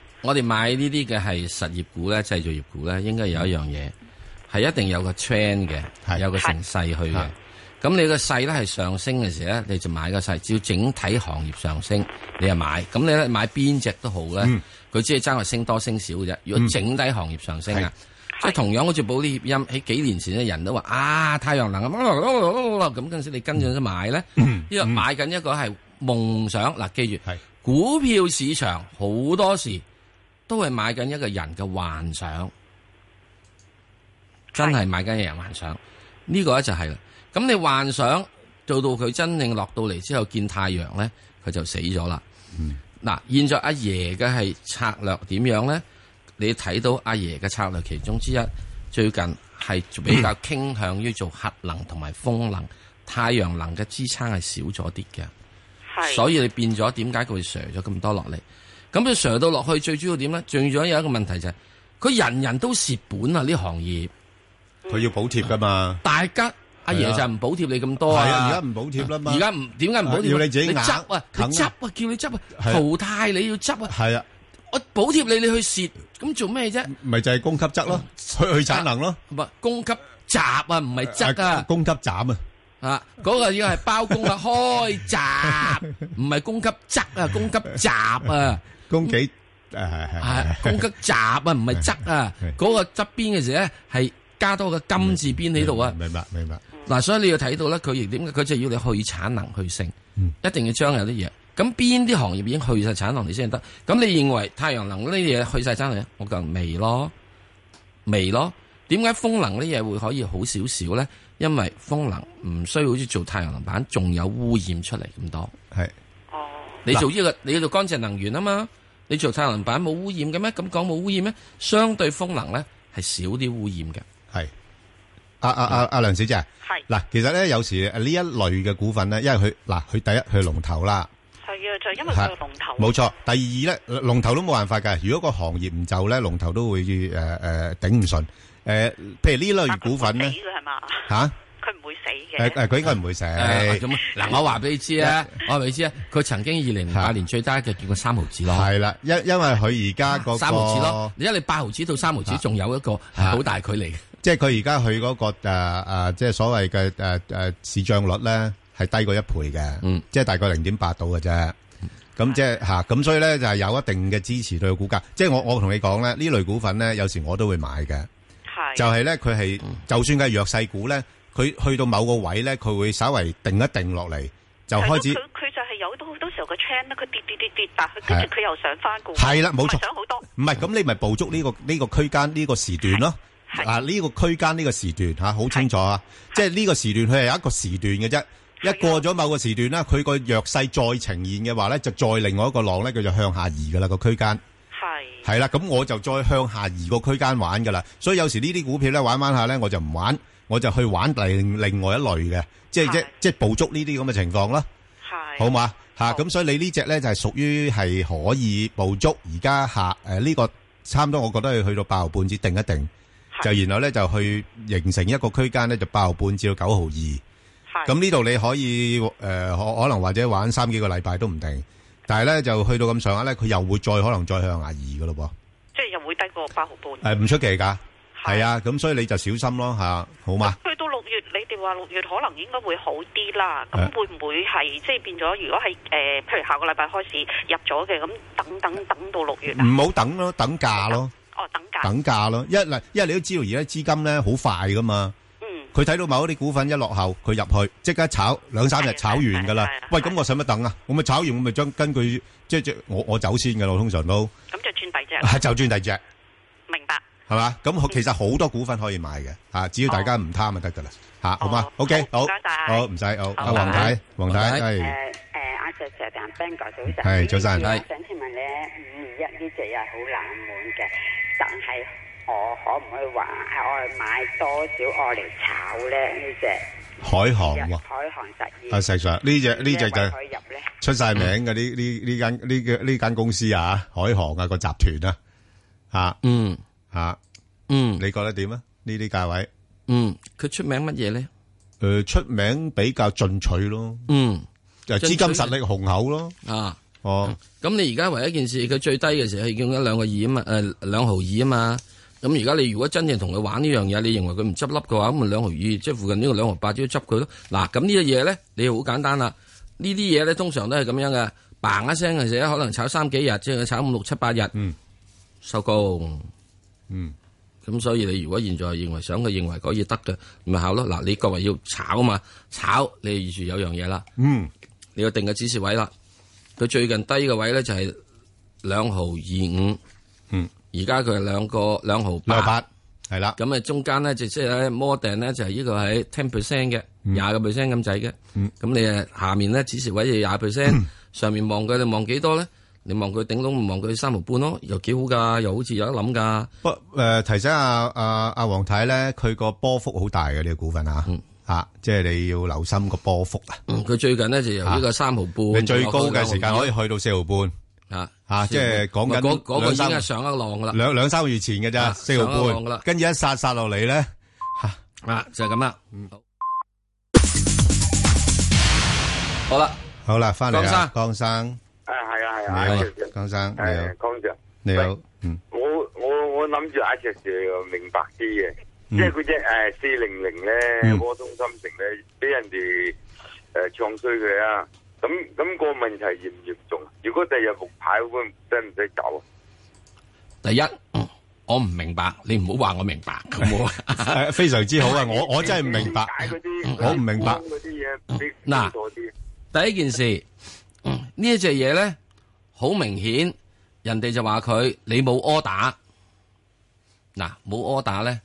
[SPEAKER 2] 我哋買呢啲嘅係實業股咧、製造業股咧，應該有一樣嘢係一定有一個 trend 嘅，是有個成勢去嘅。咁是你個勢咧係上升嘅時候咧，你就買個勢。只要整體行業上升，你就買。咁你咧買邊隻都好咧，佢、嗯、只係爭係升多升少嘅啫。如果整體行業上升啊，嗯、即係同樣好似保利協鑫喺幾年前咧，人都話啊太陽能咁嗰陣時，啊啊、你跟住都買咧，呢為、嗯、買緊一個係夢想。嗱、嗯嗯嗯嗯、記住，股票市場好多時，都係買緊一個人嘅幻想，真係買緊一人幻想。呢的個咧就係、是，咁你幻想做到佢真正落到嚟之後見太陽咧，佢就死咗啦。嗱、嗯，現在阿爺嘅係策略點樣咧？你睇到阿爺嘅策略其中之一，最近係比較傾向於做核能同埋風能、嗯、太陽能嘅支撐係少咗啲嘅，的所以你變咗點解佢會蝕咗咁多落嚟？咁佢上到落去最主要點咧？仲有有一個問題就係佢人人都蝕本啊！呢行業，佢要補
[SPEAKER 1] 貼噶嘛？大
[SPEAKER 2] 家阿爺就唔
[SPEAKER 1] 補貼你咁多啊？係啊，而家唔補貼啦嘛？而家唔點解唔補貼？要你自己執啊，你執
[SPEAKER 2] 啊，叫你執啊，淘汰你要執啊？係啊，我補貼你，你去蝕咁做咩啫？
[SPEAKER 1] 咪就係供給側咯，去產能咯，
[SPEAKER 2] 唔係供給鍘啊，唔係側啊，供給鍘啊，啊，嗰個要係包公啊，開鍘，唔係供給側啊，供給鍘啊。供給誒，係係係供給閘啊，唔係側啊，嗰、啊、個側邊嘅字咧係加多個金字邊喺度啊。明白明白。嗱，所以你要睇到咧，佢亦點解？佢就要你去產能去剩，嗯、一定要將有啲嘢。咁邊啲行業已經去晒產能你先得？咁你認為太陽能呢啲嘢去晒產能咧？我就未咯，未咯。點解風能呢嘢會可以好少少咧？因為風能唔需要好似做太陽能板，仲有污染出嚟咁多。係哦是，嗯、你做呢、這個你要做乾淨能源啊嘛。你做太陽能板冇污染嘅咩？咁講冇污染咩？相對風能咧係少啲污染嘅。係
[SPEAKER 1] 阿阿阿阿梁小姐，係嗱，其實咧有時呢一類嘅股份咧，因為佢嗱佢第一係龍頭啦，係啊，就係因為佢係龍頭，冇錯。第二咧，龍頭都冇辦法噶。如果個行業唔就咧，龍頭都會誒誒頂唔順。誒，譬如呢類股份咧，吓。死嘅，誒，佢應該唔會死。咁嗱、啊，我話俾你知啊，
[SPEAKER 2] 我話俾你知啊。佢、 啊、曾經二零零八年最低嘅見過三毫紙咯。係啦，
[SPEAKER 1] 因因為佢而家嗰三毫紙咯，
[SPEAKER 2] 因為你、那個、八毫紙到三毫紙仲有一個好大距離。
[SPEAKER 1] 即係佢而家佢嗰個誒誒、啊啊，即係所謂嘅誒誒市賬率咧，係低過一倍嘅。嗯、即係大概零點八到嘅啫。咁、嗯、即係吓咁，所以咧就係有一定嘅支持對個股價。即係我我同你講咧，呢類股份咧有時我都會買嘅。係就係咧，佢係就算佢係弱勢股咧。佢去到某個位咧，佢會稍微定一定落嚟，就開始佢就
[SPEAKER 2] 係有好多好多時候個 channel 咧，佢跌跌跌跌，但佢跟住佢又上翻嘅喎。係啦，冇錯，上好
[SPEAKER 1] 多唔係咁，你咪捕捉呢個呢個區間呢個時段咯。嗱，呢個區間呢個時段吓，好清楚啊！即係呢個時段，佢係一個時段嘅啫。一過咗某個時段咧，佢個弱勢再呈現嘅話咧，就再另外一個浪咧，佢就向下移噶啦個區間係係啦，咁我就再向下移個區間玩噶啦。所以有時呢啲股票咧玩玩下咧，我就唔玩。我就去玩另另外一類嘅，即係的即即捕捉呢啲咁嘅情況啦，好嘛？嚇，咁所以你隻呢隻咧就係、是、屬於係可以捕捉。而家下誒呢個差唔多，我覺得去去到八毫半至定一定，的就然後咧就去形成一個區間咧，就八毫半至到九毫二，咁呢度你可以誒可、呃、可能或者玩三幾個禮拜都唔定，但係咧就去到咁上下咧，佢又會再可能再向下移噶咯噃，即係又會低過八毫半，係唔出奇㗎。係啊，咁所以你就小心咯吓，好嘛？
[SPEAKER 2] 去到六月，你哋話六月可能應該會好啲啦。咁會唔會係即係變咗？如果係誒，譬如下個禮拜開始入咗嘅，咁等等等到六月啊？唔好
[SPEAKER 1] 等咯，等價咯。哦，等價。等價咯，一嚟，因為你都知道而家資金咧好快噶嘛。嗯。佢睇到某一啲股份一落後，佢入去即刻炒兩三日炒完噶啦。係啊。喂，咁我使乜等啊？我咪炒完，我咪將根據即係即係我我走先噶咯，我通常都。咁就轉第隻。係就轉第隻。係嘛？咁其實好多股份可以買嘅吓，只要大家唔貪就得噶啦吓，好嘛？O K，好，唔該晒，好唔使，好阿黃太，黃太，係誒阿石石，但係 Bang 哥早
[SPEAKER 2] 晨，係早晨，係想請問你五二一呢隻又好冷門嘅，但係我可唔可以話我買多少我嚟
[SPEAKER 1] 炒咧呢隻海航？海航實業，阿石石呢隻呢隻就出晒名嘅呢呢呢間呢嘅呢間公司啊，海航啊個集團啦，啊嗯。吓，嗯、啊，你覺得點啊？呢啲價位，嗯，佢出名乜嘢咧？誒、呃，出名比較進取咯，嗯，又資金實力雄厚咯，
[SPEAKER 2] 啊，哦，咁、嗯、你而家唯一件事，佢最低嘅時候係用咗兩個二啊嘛，誒，兩毫二啊嘛，咁而家你如果真正同佢玩呢樣嘢，你認為佢唔執笠嘅話，咁咪兩毫二，即係附近呢個兩毫八都要執佢咯。嗱、啊，咁呢隻嘢咧，你好簡單啦。呢啲嘢咧，通常都係咁樣嘅，bang 一聲嘅時候可能炒三幾日，即係炒五六七八日，嗯，收工。嗯，咁所以你如果現在認為想佢認為可以得嘅，咪考咯。嗱，你各位要炒嘛，炒你預住有樣嘢啦。嗯，你要定個指示位啦。佢最近低嘅位咧就係兩毫二五。嗯，而家佢係兩個兩毫八。兩毫八。係啦。咁啊，中間咧即係咧摸定咧就係呢個喺 ten percent 嘅，廿個 percent 咁仔嘅。嗯。咁你啊，下面咧指示位就廿 percent，上面望佢，你望幾多咧？你望佢頂到，唔望佢三毫半咯，又幾好噶，又好似有得諗噶。不，
[SPEAKER 1] 誒，提醒阿阿阿黃太咧，佢個波幅好大嘅呢個股份啊，啊，即係你要留心個波幅啊。佢最近咧就由呢個三毫半，最高嘅時間可以去到四毫半。啊啊，即係講緊嗰嗰個已經係上一浪噶啦。兩兩三個月前嘅咋四毫半，跟住一剎剎落嚟咧，啊，就係咁啦。嗯，好。好啦，好啦，翻嚟啦，江生。啊，係啊，係啊，江生，係江 sir，你好，嗯，我我我諗住阿 sir 係明白啲嘅，即係嗰隻誒四零零咧，波中心城咧俾人哋誒唱衰佢啊，咁咁個
[SPEAKER 2] 問題嚴唔嚴重啊？如果第日復牌會使唔使搞啊？第一，我唔明白，你唔好話我明白咁，我非常之好啊，我我真係唔明白，我唔明白嗱，第一件事。嗯這個、呢一隻嘢咧，好明顯，人哋就話佢你冇 order，嗱冇 order 咧，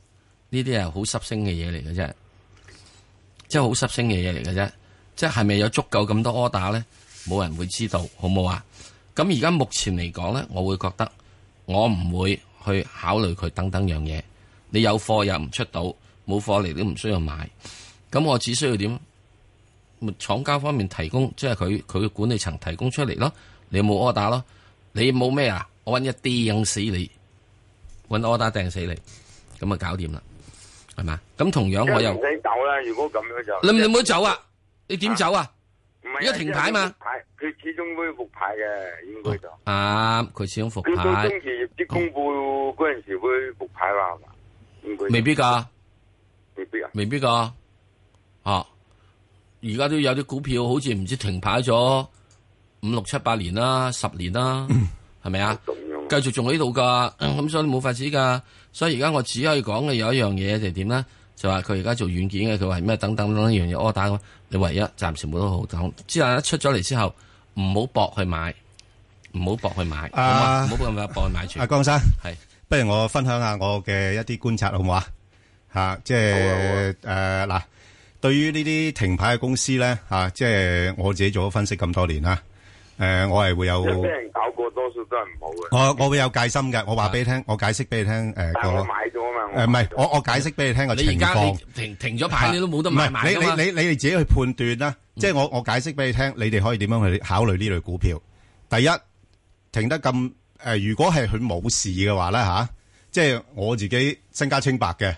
[SPEAKER 2] 呢啲係好濕星嘅嘢嚟嘅啫，即係好濕星嘅嘢嚟嘅啫，即係係咪有足夠咁多 order 咧？冇人會知道，好冇啊？咁而家目前嚟講咧，我會覺得我唔會去考慮佢等等樣嘢。你有貨又唔出到，冇貨嚟都唔需要買，咁我只需要點？咪廠家方面提供，即係佢佢管理層提供出嚟咯。你有冇 order 咯，你冇咩啊？我搵嘢掟死你，搵 order 掟死你，咁啊搞掂啦，係嘛？咁同樣我又
[SPEAKER 1] 唔使走啦。如果咁樣就你唔好是走啊！
[SPEAKER 2] 啊你點走啊？而家是停牌嘛，
[SPEAKER 1] 佢始終會復牌嘅，應
[SPEAKER 2] 該就啊，佢始終復牌。佢
[SPEAKER 1] 到當時業績公布嗰陣時會復牌啦，係嘛？未必噶，
[SPEAKER 2] 未必啊，未必噶，啊。而家都有啲股票，好似唔知停牌咗五六七八年啦，十年啦，係咪啊？繼、啊嗯、續仲喺度噶，咁所以冇法子噶。所以而家我只可以講嘅有一樣嘢就係點咧，就話佢而家做軟件嘅，佢話咩等等等等一樣嘢柯打，你唯一暫時冇得好講，之後一出咗嚟之
[SPEAKER 1] 後，唔好搏去買，唔好搏去買，唔、啊、好
[SPEAKER 2] 咁樣搏去買住。阿、啊、江生，係
[SPEAKER 1] 是不如我分享下我嘅一啲觀察好唔、啊就是、好啊？吓、啊，即係誒嗱。對於呢啲停牌嘅公司咧，吓，即係我自己做咗分析咁多年啦。誒，我係會有即係俾人搞過，多數都係唔好嘅。我我會有戒心嘅。我話俾你聽，我解釋俾你聽。誒，我買咗啊嘛。誒，唔係，我我解釋俾你聽，你而家停
[SPEAKER 2] 停咗牌，你都冇得買買噶嘛。你你
[SPEAKER 1] 你哋自己去判斷啦。即係我我解釋俾你聽，你哋可以點樣去考慮呢類股票？第一，停得咁誒，如果係佢冇事嘅話咧，吓，即係我自己身家清白嘅。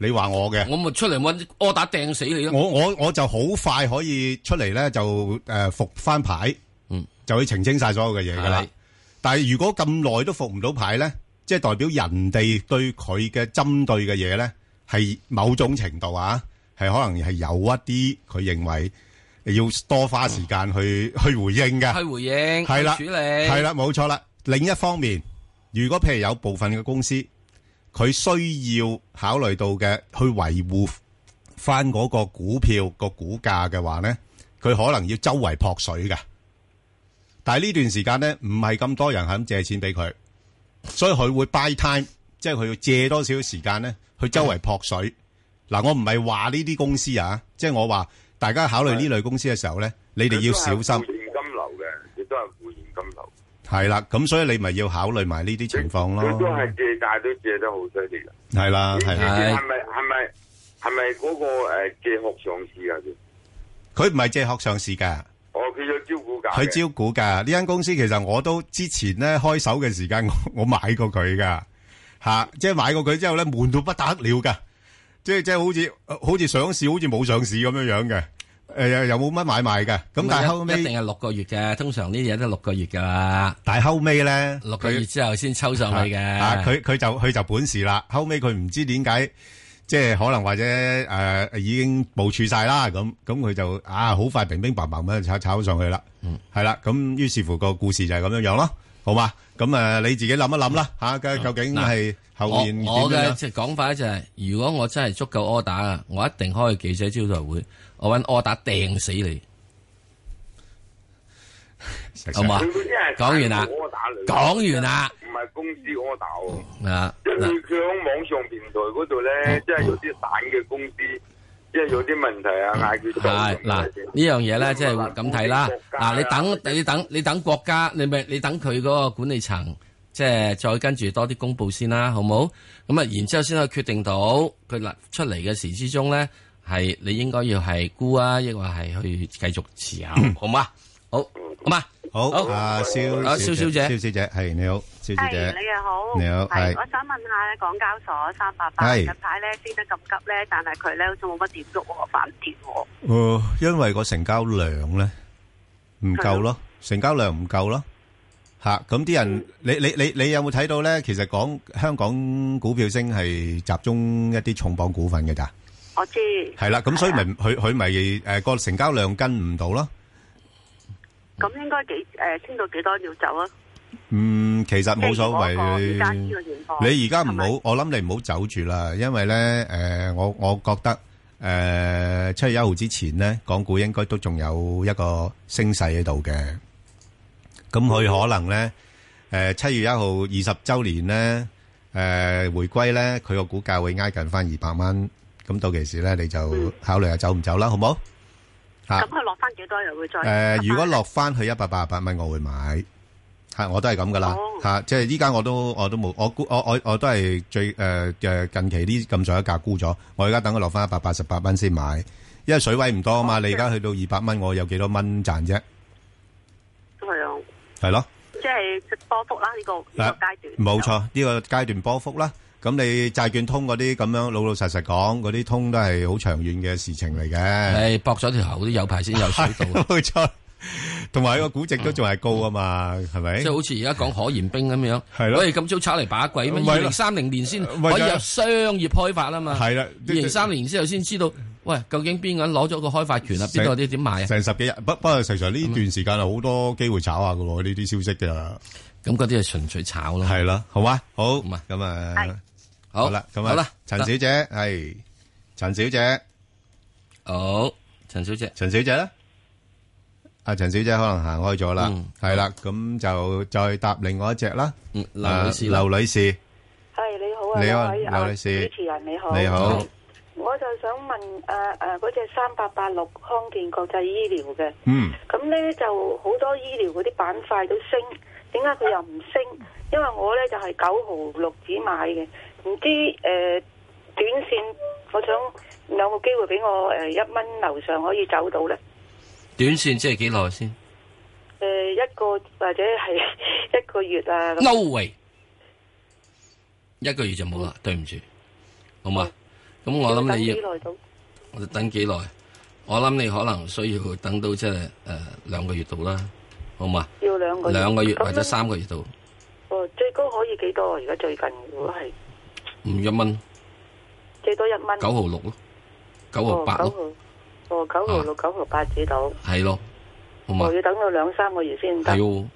[SPEAKER 1] 你話我嘅，我咪出嚟搵
[SPEAKER 2] 柯打掟死你咯！
[SPEAKER 1] 我我我就好快可以出嚟咧，就誒復翻牌，嗯，就會澄清晒所有嘅嘢噶啦。但係如果咁耐都復唔到牌咧，即係代表人哋對佢嘅針對嘅嘢咧，係某種程度啊，係可能係有一啲，佢認為要多花時間去去回應嘅，去
[SPEAKER 2] 回應係啦，處理係啦，
[SPEAKER 1] 冇錯啦。另一方面，如果譬如有部分嘅公司。佢需要考慮到嘅，去維護翻嗰個股票、個股價嘅話咧，佢可能要周圍撲水嘅。但係呢段時間咧，唔係咁多人肯借錢俾佢，所以佢會 buy time，即係佢要借多少時間咧，去周圍撲水。嗱、嗯啊，我唔係話呢啲公司啊，即係我話大家考慮呢類公司嘅時候咧，的你哋要小心。佢都係負現金流嘅，佢都係負現金流。係啦，咁所以你咪要考慮埋呢啲情況咯。佢都係
[SPEAKER 2] 借貸都借得好
[SPEAKER 1] 犀利嘅。係啦的，係係你。係
[SPEAKER 2] 咪係咪係咪嗰個誒借殼上市啊？
[SPEAKER 1] 佢唔係借殼上市噶。哦，
[SPEAKER 2] 佢有招股價。佢招
[SPEAKER 1] 股，呢間公司其實我都之前咧開手嘅時間，我我買過佢噶吓，即係買過佢之後咧，悶到不得了噶，即係即係好似好似上市，好似冇上市咁樣樣嘅。誒，有有冇乜買賣嘅？咁但係後尾一定係六個月嘅，通常呢啲嘢都係六個月噶。但係後尾咧，六個月之後先抽上去嘅。佢佢就佢就本事啦。後尾佢唔知點解，即係可能或者誒已經部署晒啦。咁咁佢就啊好快乒乒乓乓咁炒炒上去啦。嗯，係啦。咁於是乎個故事就係咁樣樣咯。好嘛？咁啊，你自己諗一諗啦吓，究竟係後面點樣？我我嘅即
[SPEAKER 2] 係講法咧就係，如果我真係足夠柯打啊，我一定開記者招待會，我搵柯打掟死你，好嘛？講完啦，講完啦，唔
[SPEAKER 1] 係公司柯打喎，因為佢喺網上平台嗰度咧，即係有啲散嘅公司。即係有
[SPEAKER 2] 啲問題啊，嗌佢係嗱呢樣嘢咧，即係咁睇啦。嗱、啊啊，你等你等你等國家，你咪你等佢嗰個管理層，即係再跟住多啲公布先啦，好唔好？咁啊，然之後先可以決定到佢出嚟嘅時之中咧，係你應該要係沽啊，抑或係去繼續持有，嗯、好唔
[SPEAKER 1] 好啊？好，咁啊，好，阿蕭阿蕭小姐，肖小，小姐係你好。係你又好，係我
[SPEAKER 2] 想問下咧，港交所三八八近排咧升得咁急咧，但係佢咧好似冇乜點喐反跌
[SPEAKER 1] 喎。哦，因為個成交量咧唔夠咯，成交量唔夠咯，吓咁啲人，你你你你有冇睇到咧？其實講香港股票升係集中一啲重磅股份嘅咋？我知係啦，咁所以咪佢佢咪誒個成交量跟唔到咯。
[SPEAKER 2] 咁應該幾誒升到幾多要走啊？
[SPEAKER 1] 嗯，其實冇所謂。你而家唔好，我諗你唔好走住啦，因為咧，誒，我我覺得，誒，七月一號之前咧，港股應該都仲有一個升勢喺度嘅。咁佢可能咧，誒，七月一號二十周年咧，誒，回歸咧，佢個股價會挨近翻二百蚊。咁到其時咧，你就考慮下走唔走啦，好冇？吓咁佢落翻幾多又會再？誒，如果落翻去一百八十八蚊，我會買。係，我都係咁噶啦，吓，即係依家我都我都冇，我估我我我都係最誒誒近期呢咁上一格估咗，我而家等佢落翻一百八十八蚊先買，因為水位唔多啊嘛，你而家去到二百蚊，我有幾多蚊賺啫？
[SPEAKER 2] 係啊，係咯，即係波幅啦，呢個呢個階段，
[SPEAKER 1] 冇錯，呢個階段波幅啦。咁你債券通嗰啲咁樣老老實實講，嗰啲通都係好長遠嘅事情嚟嘅，
[SPEAKER 2] 係駁咗條喉都有排先有水到，冇
[SPEAKER 1] 錯。同
[SPEAKER 2] 埋個估值都仲係高啊嘛，係咪？即係好似而家講可燃冰咁樣，係咯？咁早炒嚟把鬼咩？二零三零年先可以入商業開發啊嘛？係啦，二零三零年之後先知道，喂，究竟邊個人攞咗個開發權啊？邊度啲
[SPEAKER 1] 點賣啊？成十幾日不不過，實在呢段時間好多機會炒下噶咯，呢啲消息嘅。咁嗰啲係純粹炒咯。係啦，好嘛？好咁啊，好啦，咁啊，陳小姐係陳小姐，好，陳小姐，陳小姐咧。阿陳小姐可能行開咗啦，係啦，咁就再搭另外一隻啦。劉女士，劉女士，
[SPEAKER 2] 係，你好啊，你好啊，劉女士，主持人你好，你好。我就想問阿阿嗰隻三八八六康健國際醫療嘅，嗯，咁呢就好多醫療嗰啲板塊都升，點解佢又唔升？因為我呢就係九毫六子買嘅，唔知誒短線，我想有冇機會俾我誒一蚊樓上可以走到呢？短綫即係幾耐先？誒，一個或者係一個月啊。No way，一個月就冇啦，對唔住，好嘛？咁我諗你要等幾耐？我哋等幾耐？我諗你可能需要等到即係誒兩個月度啦，好嘛？要兩個月，兩個月或者三個月度。哦，最高可以幾多啊？而家最近如果係，五一蚊。最多一蚊？九毫六咯，九毫八咯。哦，九號到九號八子度係咯，我要等到兩三個月先。係哦，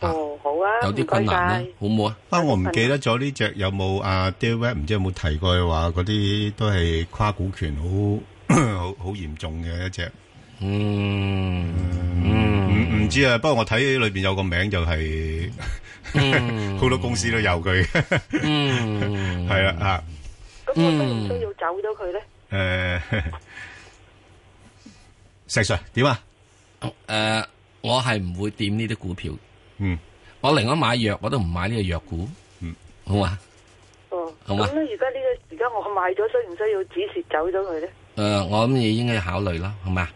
[SPEAKER 2] 哦好啊，有啲困難啦，好
[SPEAKER 1] 唔好啊？不過我唔記得咗呢隻有冇阿 David 唔知有冇提過話嗰啲都係跨股權好好好嚴重嘅一隻。嗯，唔唔知啊。不過我睇裏邊有個名就係，
[SPEAKER 2] 好多
[SPEAKER 1] 公司都有佢。嗯，係啦啊。咁我需唔需要走咗佢
[SPEAKER 2] 咧？
[SPEAKER 1] 誒。石 Sir，點啊？誒，我
[SPEAKER 2] 係唔會掂呢啲股票。嗯，我寧願買藥，我都唔買呢個藥股。嗯，好嘛？哦，好嘛？咁而家呢個，而家我買咗，需唔需要指示走
[SPEAKER 1] 咗佢咧？誒，我諗你應該考慮啦，好嘛？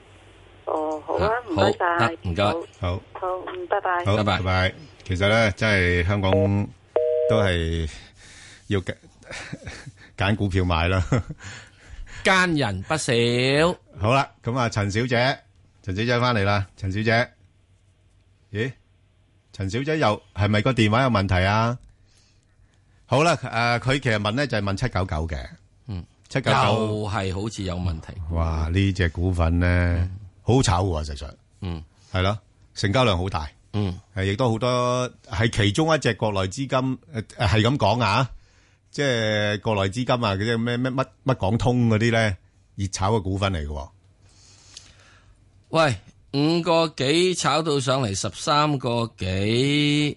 [SPEAKER 2] 哦，好啊，唔該晒，唔該，好，好，嗯，拜拜，好，拜拜。
[SPEAKER 1] 其實咧，真係香港都係要揀股票買啦。奸人不少，好啦，咁啊，陳小姐，陳小姐翻嚟啦，陳小姐，咦，陳小姐又係咪個電話有問題啊？好啦，誒、呃，佢其實問咧就係、是、問七九九嘅，嗯，七九九又係好似有問題。哇，呢隻股份咧好炒嘅事實上，嗯，係咯、嗯，成交量好大，嗯，係亦都好多係其中一隻國內資金誒，係咁講啊。呃呃即係國內資金啊，嗰啲咩咩乜乜港通嗰啲咧，熱炒嘅股份嚟嘅。
[SPEAKER 2] 喂，五個幾炒到上嚟十三個幾，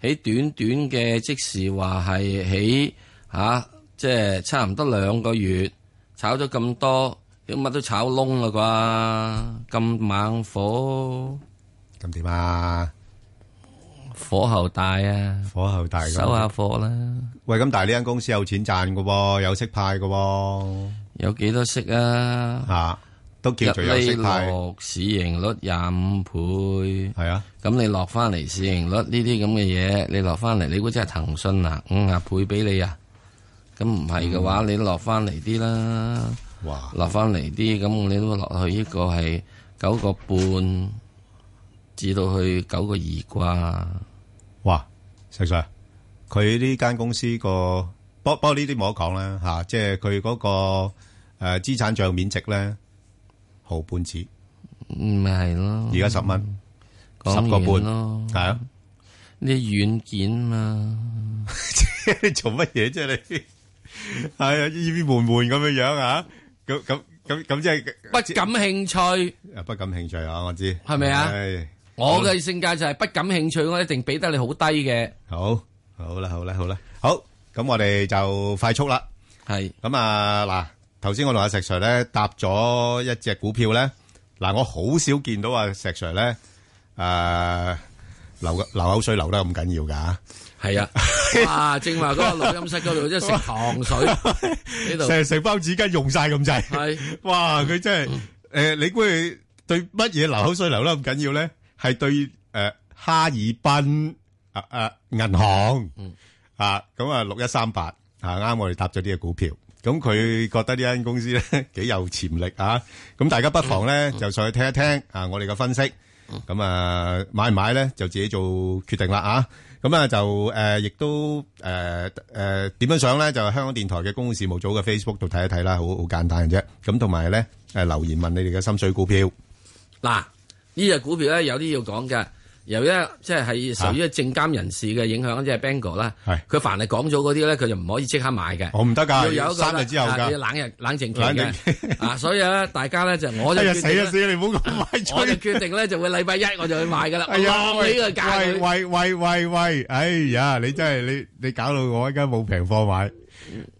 [SPEAKER 2] 喺短短嘅即時話係起，吓、啊，即係差唔多兩個月，炒咗咁多，乜都炒窿啦啩？咁猛火，咁點啊？火候大啊，火候、啊、大，收下
[SPEAKER 1] 貨啦。喂，咁但係呢間公司有錢賺噶喎，有息派噶喎、啊。有幾多息啊？吓、啊，都叫做有息派。
[SPEAKER 2] 市盈率廿五倍。係啊，咁你落翻嚟市盈率呢啲咁嘅嘢，你落翻嚟，你估果真係騰訊啊，五十倍俾你啊。咁唔係嘅話，嗯、你落翻嚟啲啦。哇！落翻嚟啲，咁你都落去呢個係九個半。至
[SPEAKER 1] 到去九個二啩，哇！細 Sir，佢呢間公司個，不過不過呢啲冇得講啦吓，即係佢嗰個誒資產賬面值咧毫半紙，咪係咯，而家十蚊十個半咯，
[SPEAKER 2] 係啊，啲軟件嘛，
[SPEAKER 1] 做乜嘢啫你？係啊，易易悶悶咁樣樣啊，咁咁咁咁即係不感興趣，不感興趣啊，我知係咪啊？我嘅
[SPEAKER 2] 性格就係不感興趣，我一定俾得你好低嘅。
[SPEAKER 1] 好，好啦，好啦，好啦，好，咁我哋就快速啦。係咁啊，嗱，頭先我同阿石 Sir 咧搭咗一隻股票咧，嗱，我好少見到阿石 Sir 咧，誒，流流口水流得咁緊要噶吓。係啊，哇，正話嗰個錄音室嗰度即係食糖水，喺度成成包紙巾用晒咁滯。係，哇，佢真係，誒，你估佢對乜嘢流口水流得咁緊要咧？係對誒、呃、哈爾濱啊啊銀行、嗯、啊咁啊六一三八啊啱我哋搭咗啲嘅股票，咁、啊、佢覺得呢間公司咧、啊、幾有潛力啊！咁大家不妨咧就上去聽一聽啊，我哋嘅分析，咁啊買唔買咧就自己做決定啦啊！咁啊就誒亦、啊、都誒誒點樣上咧就香港電台嘅公共事務組嘅 Facebook 度睇一睇啦，好好簡單嘅啫。咁同埋咧誒留言問你哋嘅心水股票嗱。啊
[SPEAKER 2] 呢隻股票咧有啲要講嘅，由於即係係屬於證監人士嘅影響，即係 Bangle 啦，佢凡係講咗嗰啲咧，佢就唔可以即刻買嘅。我唔得噶，三日之後㗎，冷日冷靜期嘅。啊，所以咧，大家咧就我就死啦死啦，你唔好咁買菜。我就決定咧就會禮拜一我就去買㗎啦。我落你呢個價位。喂
[SPEAKER 1] 喂喂喂喂，哎呀，你真係你你搞到我而家冇平貨買。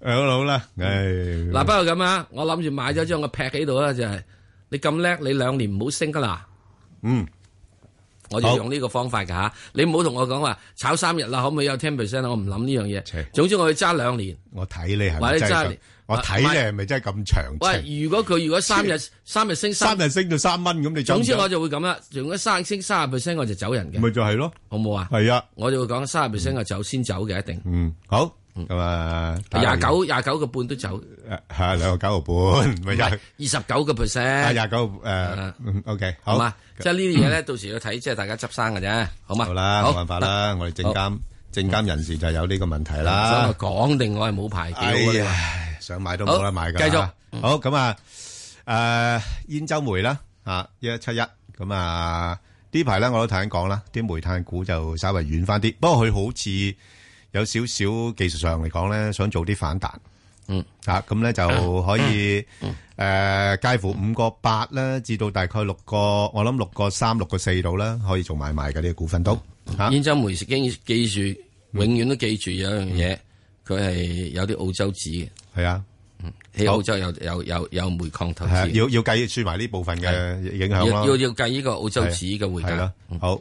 [SPEAKER 1] 好啦，嗱，不過咁啦，我諗住買咗張我
[SPEAKER 2] 劈喺度啦，就係你咁叻，你兩年唔好升㗎啦。嗯，我就用呢個方法噶，吓，你唔好同我講話炒三日啦，可唔可以有 ten percent？我唔諗呢樣嘢。總之我去揸兩年，我睇你係，或者揸年，我睇你係
[SPEAKER 1] 咪真係咁長？喂，
[SPEAKER 2] 如果佢如果三日
[SPEAKER 1] 三日升三日升到三蚊咁，你總之我
[SPEAKER 2] 就會咁啦。如果三日升三十 percent，我就走人嘅，咪就係咯，好唔好啊？係啊，我就會講三十 percent 就走先走嘅，一定。
[SPEAKER 1] 嗯，好。咁啊，廿九廿
[SPEAKER 2] 九個半都走，
[SPEAKER 1] 吓兩個九個半，唔係二
[SPEAKER 2] 十九個 percent，廿九誒，OK，好嘛，即係呢啲嘢咧，到時要睇，即係大家
[SPEAKER 1] 執生嘅啫，好嘛，好啦，冇辦法啦，我哋證監證監人士就係有呢個問題啦，講定我係冇牌嘅，想買都冇得買噶，繼續好咁啊，誒，兗州煤啦，吓一一七一，咁啊，呢排咧我都頭先講啦，啲煤炭股就稍為遠翻啲，不過佢好似。有少少技術上嚟講咧，想做啲反彈，嗯，吓咁咧就可以，誒，介乎五個八啦，至到大概六個，我諗六個三六個四度啦，可以做買賣嘅呢個股份都吓。兗州煤業，記記住，永遠都記住有一樣嘢，
[SPEAKER 2] 佢係有啲澳洲紙嘅，係啊，嗯，喺澳洲有有有有煤礦
[SPEAKER 1] 投資，要要計算埋呢部分嘅影響，要要計呢個澳洲紙嘅匯價，好。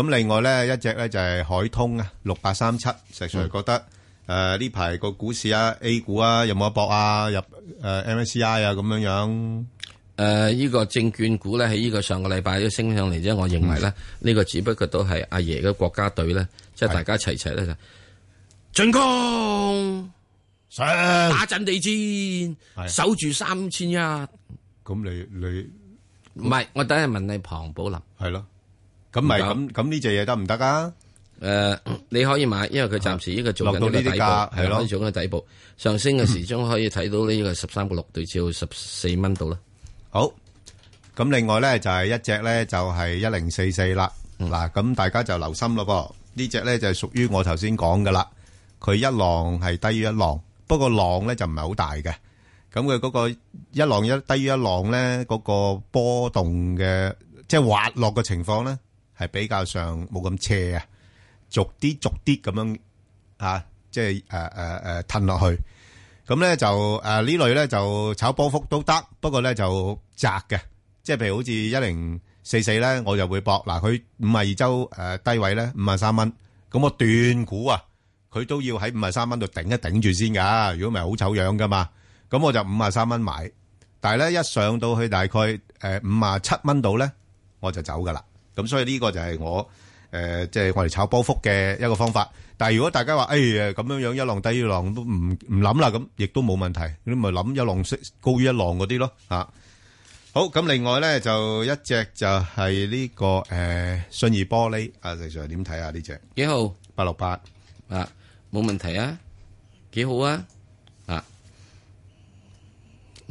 [SPEAKER 1] 咁另外咧，一隻咧就係海通啊，六八三七。石 Sir 覺得誒呢排個股市啊，A 股啊，有冇一搏啊？入誒 MSCI 啊，咁樣樣誒呢個證券股咧，喺呢個上個禮拜都升上嚟啫。我認為咧，
[SPEAKER 2] 呢個只不過都係阿爺嘅國家隊咧，嗯、即係大家一齊齊咧就的進攻，上打陣地戰，的守住三千一。咁你你唔係我等下問你龐寶林係咯。咁咪咁咁呢隻嘢，得唔得啊？誒，你可以買，因為佢暫時呢個做緊呢啲價，係咯，做緊個底部上升嘅，時鐘可以睇到呢個十三個六，對至到十四
[SPEAKER 1] 蚊度啦。好，咁另外咧就係一隻咧就係一零四四啦。嗱，咁大家就留心咯噃。呢隻咧就係屬於我頭先講噶啦，佢一浪係低於一浪，不過浪咧就唔係好大嘅。咁佢嗰個一浪一低於一浪咧，嗰個波動嘅即係滑落嘅情況咧，係比較上冇咁斜啊，逐啲逐啲咁樣啊，即係誒誒誒吞落去咁咧就，誒呢類咧就炒波幅都得，不過咧就窄嘅，即係譬如好似一零四四咧，我就會搏嗱，佢五十二周誒低位咧五十三蚊咁，我斷估啊，佢都要喺五十三蚊度頂一頂住先㗎。如果唔係好醜樣㗎嘛，咁我就五十三蚊買，但係咧一上到去大概誒五十七蚊度咧，我就走㗎啦。咁所以呢個就係我誒，即係我哋炒波幅嘅一個方法。但係如果大家話誒咁樣樣一浪低於一浪，都唔唔諗啦。咁亦都冇問題，你咪諗一浪升高於一浪嗰啲咯。吓，好。咁另外咧就一隻就係呢個誒信義玻璃。阿 Sir 點睇啊？呢隻幾號八六八啊？冇問題啊，幾好啊，啊，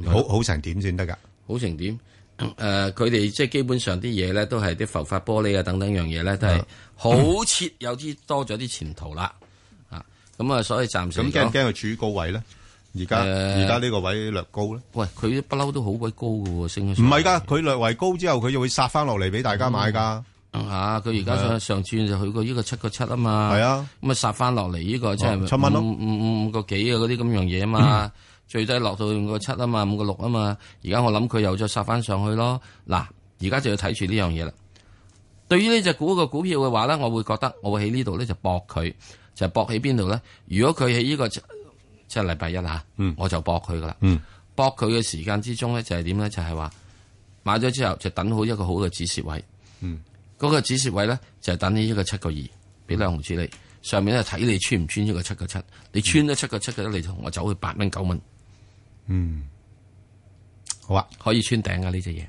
[SPEAKER 1] 好好成點先得噶？
[SPEAKER 2] 好成點？誒，佢哋即係基本上啲嘢咧，都係啲浮法玻璃啊，等等樣嘢咧，都係好似有啲多咗啲前途啦。啊，咁啊，所以暫時咁驚唔驚？佢處於高位咧？而家而家呢個位略高咧？喂，佢不嬲都好鬼高噶喎，升唔係噶？
[SPEAKER 1] 佢略為高之後，佢就會殺翻落嚟俾大家買噶
[SPEAKER 2] 吓。佢而家上次就去過呢個七個七啊嘛。係啊，咁啊殺翻落嚟呢個即係七蚊咯，五五五個幾啊嗰啲咁樣嘢啊嘛。最低落到五個七啊嘛，五個六啊嘛。而家我諗佢又再殺翻上去咯。嗱，而家就要睇住呢樣嘢啦。對於呢隻股，個股票嘅話咧，我會覺得我會喺呢度咧就搏佢，就係搏喺邊度咧？如果佢喺呢個即係禮拜一吓，啊嗯、我就搏佢噶啦，嗯，搏佢嘅時間之中咧就係點咧？就係話買咗之後就等好一個好嘅止蝕位，嗰、嗯、個止蝕位咧就係等於一個七個二，俾兩毫紙你。上面咧睇你穿唔穿呢個七個七，你穿咗七個七嘅，你同我走去八蚊九蚊。嗯，好啊，可以穿頂㗎呢隻嘢，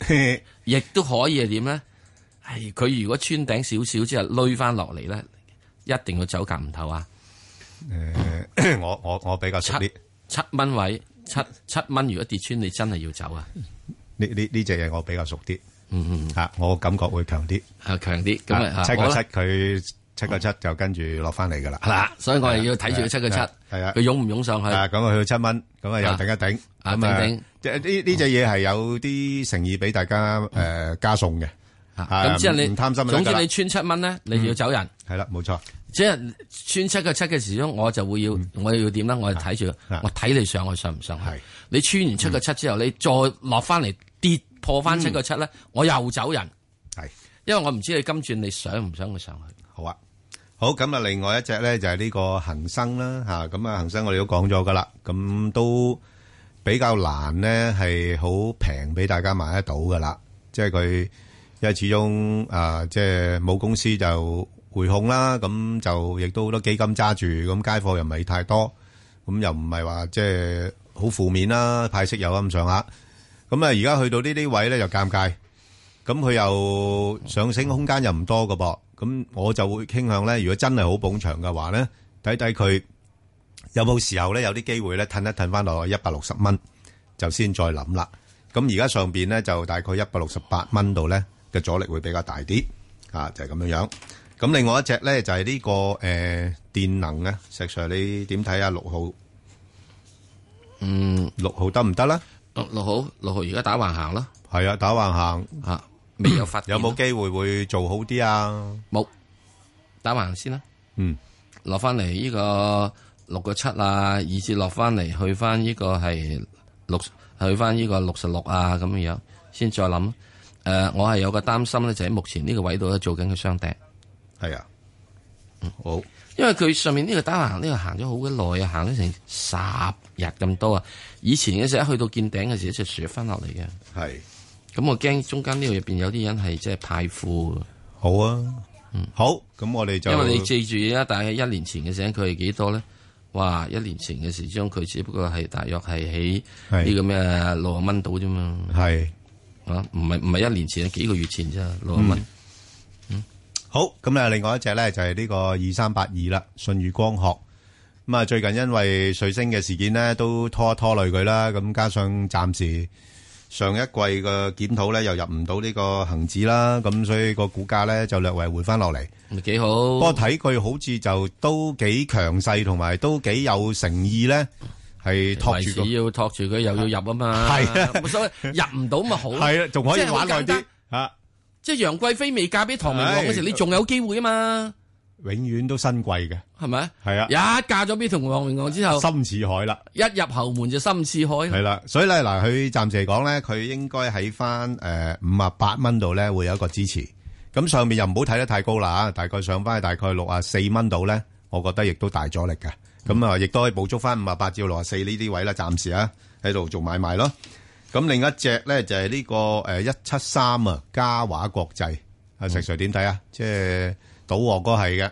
[SPEAKER 2] 隻嗯，亦 都可以係點咧？係佢如果穿頂少少之後，拉翻落嚟咧，一定要走夾唔透啊！
[SPEAKER 1] 誒、呃，我我我比較七七蚊位，七七蚊如果跌穿，你真係要走啊！呢呢呢隻嘢我比較熟啲、嗯，嗯嗯，吓、啊、我感覺會強、嗯嗯嗯、強啲，啊強啲，咁七個七佢。呢七個七就跟住落翻嚟噶啦，係啦，所以我哋要睇住佢七個七，係啊，佢湧唔湧上去？咁啊去到七蚊，咁啊又頂一頂，咁頂頂，即呢呢隻嘢係有啲誠意俾大家誒加送嘅。咁即係你，總之你
[SPEAKER 2] 穿七蚊咧，你就要走
[SPEAKER 1] 人。係啦，冇錯。即係
[SPEAKER 2] 穿七個七嘅時候，我就會要，我又要點咧？我係睇住，我睇你上去上唔上去？你穿完七個七之後，你再落翻嚟跌破翻七個七咧，我又走人。係，因為我唔知你今轉你想唔想佢上去。好啊。
[SPEAKER 1] 好咁啊，另外一隻咧，就係呢個恒生啦吓，咁啊恒生我哋都講咗噶啦，咁都比較難咧，係好平俾大家買得到噶啦。即係佢因為始終啊，即係冇公司就回控啦，咁就亦都好多基金揸住，咁街貨又唔係太多，咁又唔係話即係好負面啦，派息又咁上下。咁啊，而家去到呢啲位咧又尷尬，咁佢又上升空間又唔多噶噃。咁我就會傾向咧，如果真係好捧場嘅話咧，睇睇佢有冇時候咧有啲機會咧，褪一褪翻落去一百六十蚊，就先再諗啦。咁而家上邊咧就大概一百六十八蚊度咧嘅阻力會比較大啲，啊就係咁樣樣。咁另外一隻咧就係呢個誒電能咧，石 Sir 你點睇啊？六號，嗯，六號得唔得啦？六六號六號而家打橫行啦，係啊，打橫行啊。未、嗯、有發，有冇機會會做好啲啊？冇打橫先啦，啊，嗯，落翻
[SPEAKER 2] 嚟，呢個六個七啊，以至落翻嚟去翻呢個係六，去翻呢個六十六啊，咁樣樣先再諗。誒、呃，我係有個擔心咧，就喺、是、目前呢個位度咧做緊個雙頂，係啊，嗯，好，因為佢上面呢個打橫呢個行咗好嘅耐啊，行咗成十日咁多啊，以前嘅時候去到見頂嘅時候就雪翻落嚟嘅，係。咁我驚中間呢度入邊有啲人係即係派付嘅好啊，嗯、好，咁我哋就因為你記住而家，但係一年前嘅時，佢係幾多咧？哇，一年前嘅時，將佢只不過係大約係喺呢個
[SPEAKER 1] 咩是六十蚊到啫嘛，係是啊，唔係唔係一年前，幾個月前啫，六十蚊。嗯，嗯好，咁啊，另外一隻咧就係、是、呢個二三八二啦，舜宇光學。咁、嗯、啊，最近因為瑞星嘅事件咧，都拖拖累佢啦。咁加上暫時。上一季嘅檢討咧，又入唔到呢個恒指啦，咁所以個股價咧就略為換翻落嚟，唔幾好。不過睇佢好似就都幾強勢，同埋都幾有誠意咧，係托住。要托住佢又要入啊嘛，係 ，
[SPEAKER 2] 所以入唔到咪好，
[SPEAKER 1] 係啊，仲可以玩耐啲嚇。 即係楊
[SPEAKER 2] 貴妃未嫁俾唐明皇嗰時候， 你仲有機會啊嘛。
[SPEAKER 1] 永遠都新貴嘅，係咪啊？係啊！一嫁咗俾同王明王之後，
[SPEAKER 2] 深似海啦！一入後門就深似
[SPEAKER 1] 海。係啦，所以咧嗱，佢暫時嚟講咧，佢應該喺翻，誒五啊八蚊度咧，會有一個支持。咁上面又唔好睇得太高啦，吓大概上翻去大概六啊四蚊度咧，我覺得亦都大阻力嘅。咁啊，亦都可以捕捉翻五啊八至六啊四呢啲位啦。暫時啊，喺度做買賣咯。咁另一隻咧就係呢個，誒一七三啊，嘉華國際啊，石穗點睇啊？即係。賭王哥係嘅，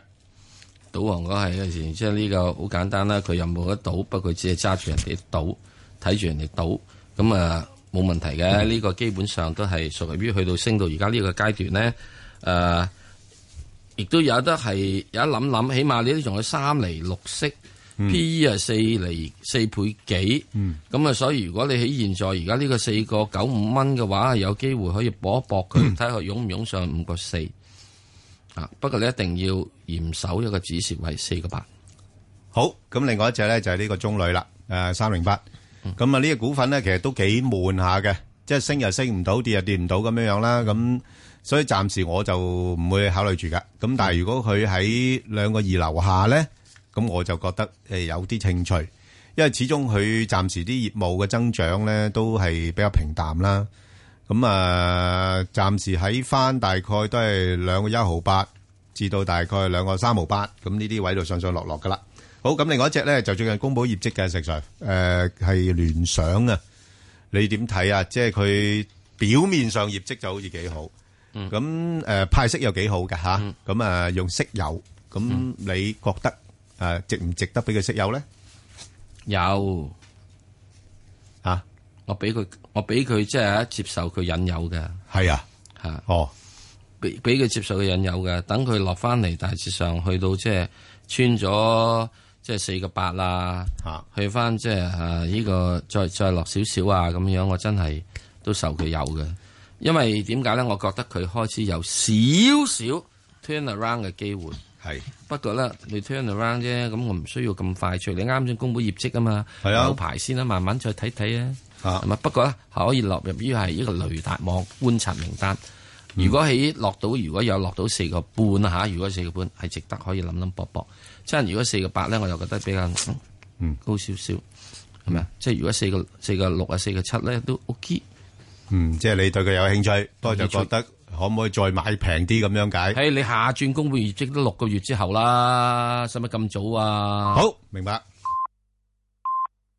[SPEAKER 1] 賭王哥係嘅，
[SPEAKER 2] 然之後呢個好簡單啦，佢有冇得賭？不過只係揸住人哋賭，睇住人哋賭，咁啊冇問題嘅。呢、這個基本上都係屬於去到升到而家呢個階段咧，誒、啊，亦都有得係一諗諗，起碼你都仲有三厘六息，P E 係四厘四倍幾，咁啊、嗯嗯，所以如果你喺現在而家呢個四個九五蚊嘅話，有機會可以搏一搏佢，睇下湧唔湧上
[SPEAKER 1] 五個四。不過你一定要嚴守一個指示位四個八。好，咁另外一隻咧就係呢個中旅啦，誒，三零八。咁啊呢個股份咧，其實都幾悶下嘅，即係升又升唔到，跌又跌唔到咁樣樣啦。咁所以暫時我就唔會考慮住噶。咁但係如果佢喺兩個二樓下咧，咁我就覺得誒有啲興趣，因為始終佢暫時啲業務嘅增長咧都係比較平淡啦。咁啊，暫時喺翻大概都係兩個一毫八至到大概兩個三毫八，咁呢啲位度上上落落噶啦。好，咁另外一隻咧就最近公布業績嘅，石 Sir 誒係聯想啊，你點睇啊？即係佢表面上業績就好似幾好，咁誒派息又幾好嘅，吓，咁啊用息友，咁你覺得誒值唔值得俾佢息友咧？有啊？
[SPEAKER 2] 我俾佢，我俾佢即係接受佢引誘嘅，係啊，吓哦，俾俾佢接受佢引誘嘅，等佢落翻嚟，大致上去到即係穿咗即係四個八啦，吓，去翻即係誒呢個再再落少少啊，咁樣我真係都受佢有嘅，因為點解咧？我覺得佢開始有少少 turn around 嘅機會，係，不過咧你 turn around 啫，咁我唔需要咁快出，你啱先公布業績啊嘛，係啊，有排先啦，慢慢再睇睇啊。啊，咁啊，不過咧可以落入於係一個雷達網觀察名單。如果喺落到如果有落到四個半吓，如果四個半係值得可以諗諗搏搏。即係如果四個八咧，我又覺得比較高嗯高少少，係咪啊？即係如果四個四個六啊，四
[SPEAKER 1] 個七咧都 ok。嗯，即係你對佢有興趣，不過就覺得可唔可以再買平啲咁樣解？喺、
[SPEAKER 2] 嗯、你下轉公布業績都六個月之後啦，使乜咁早啊？好，明白。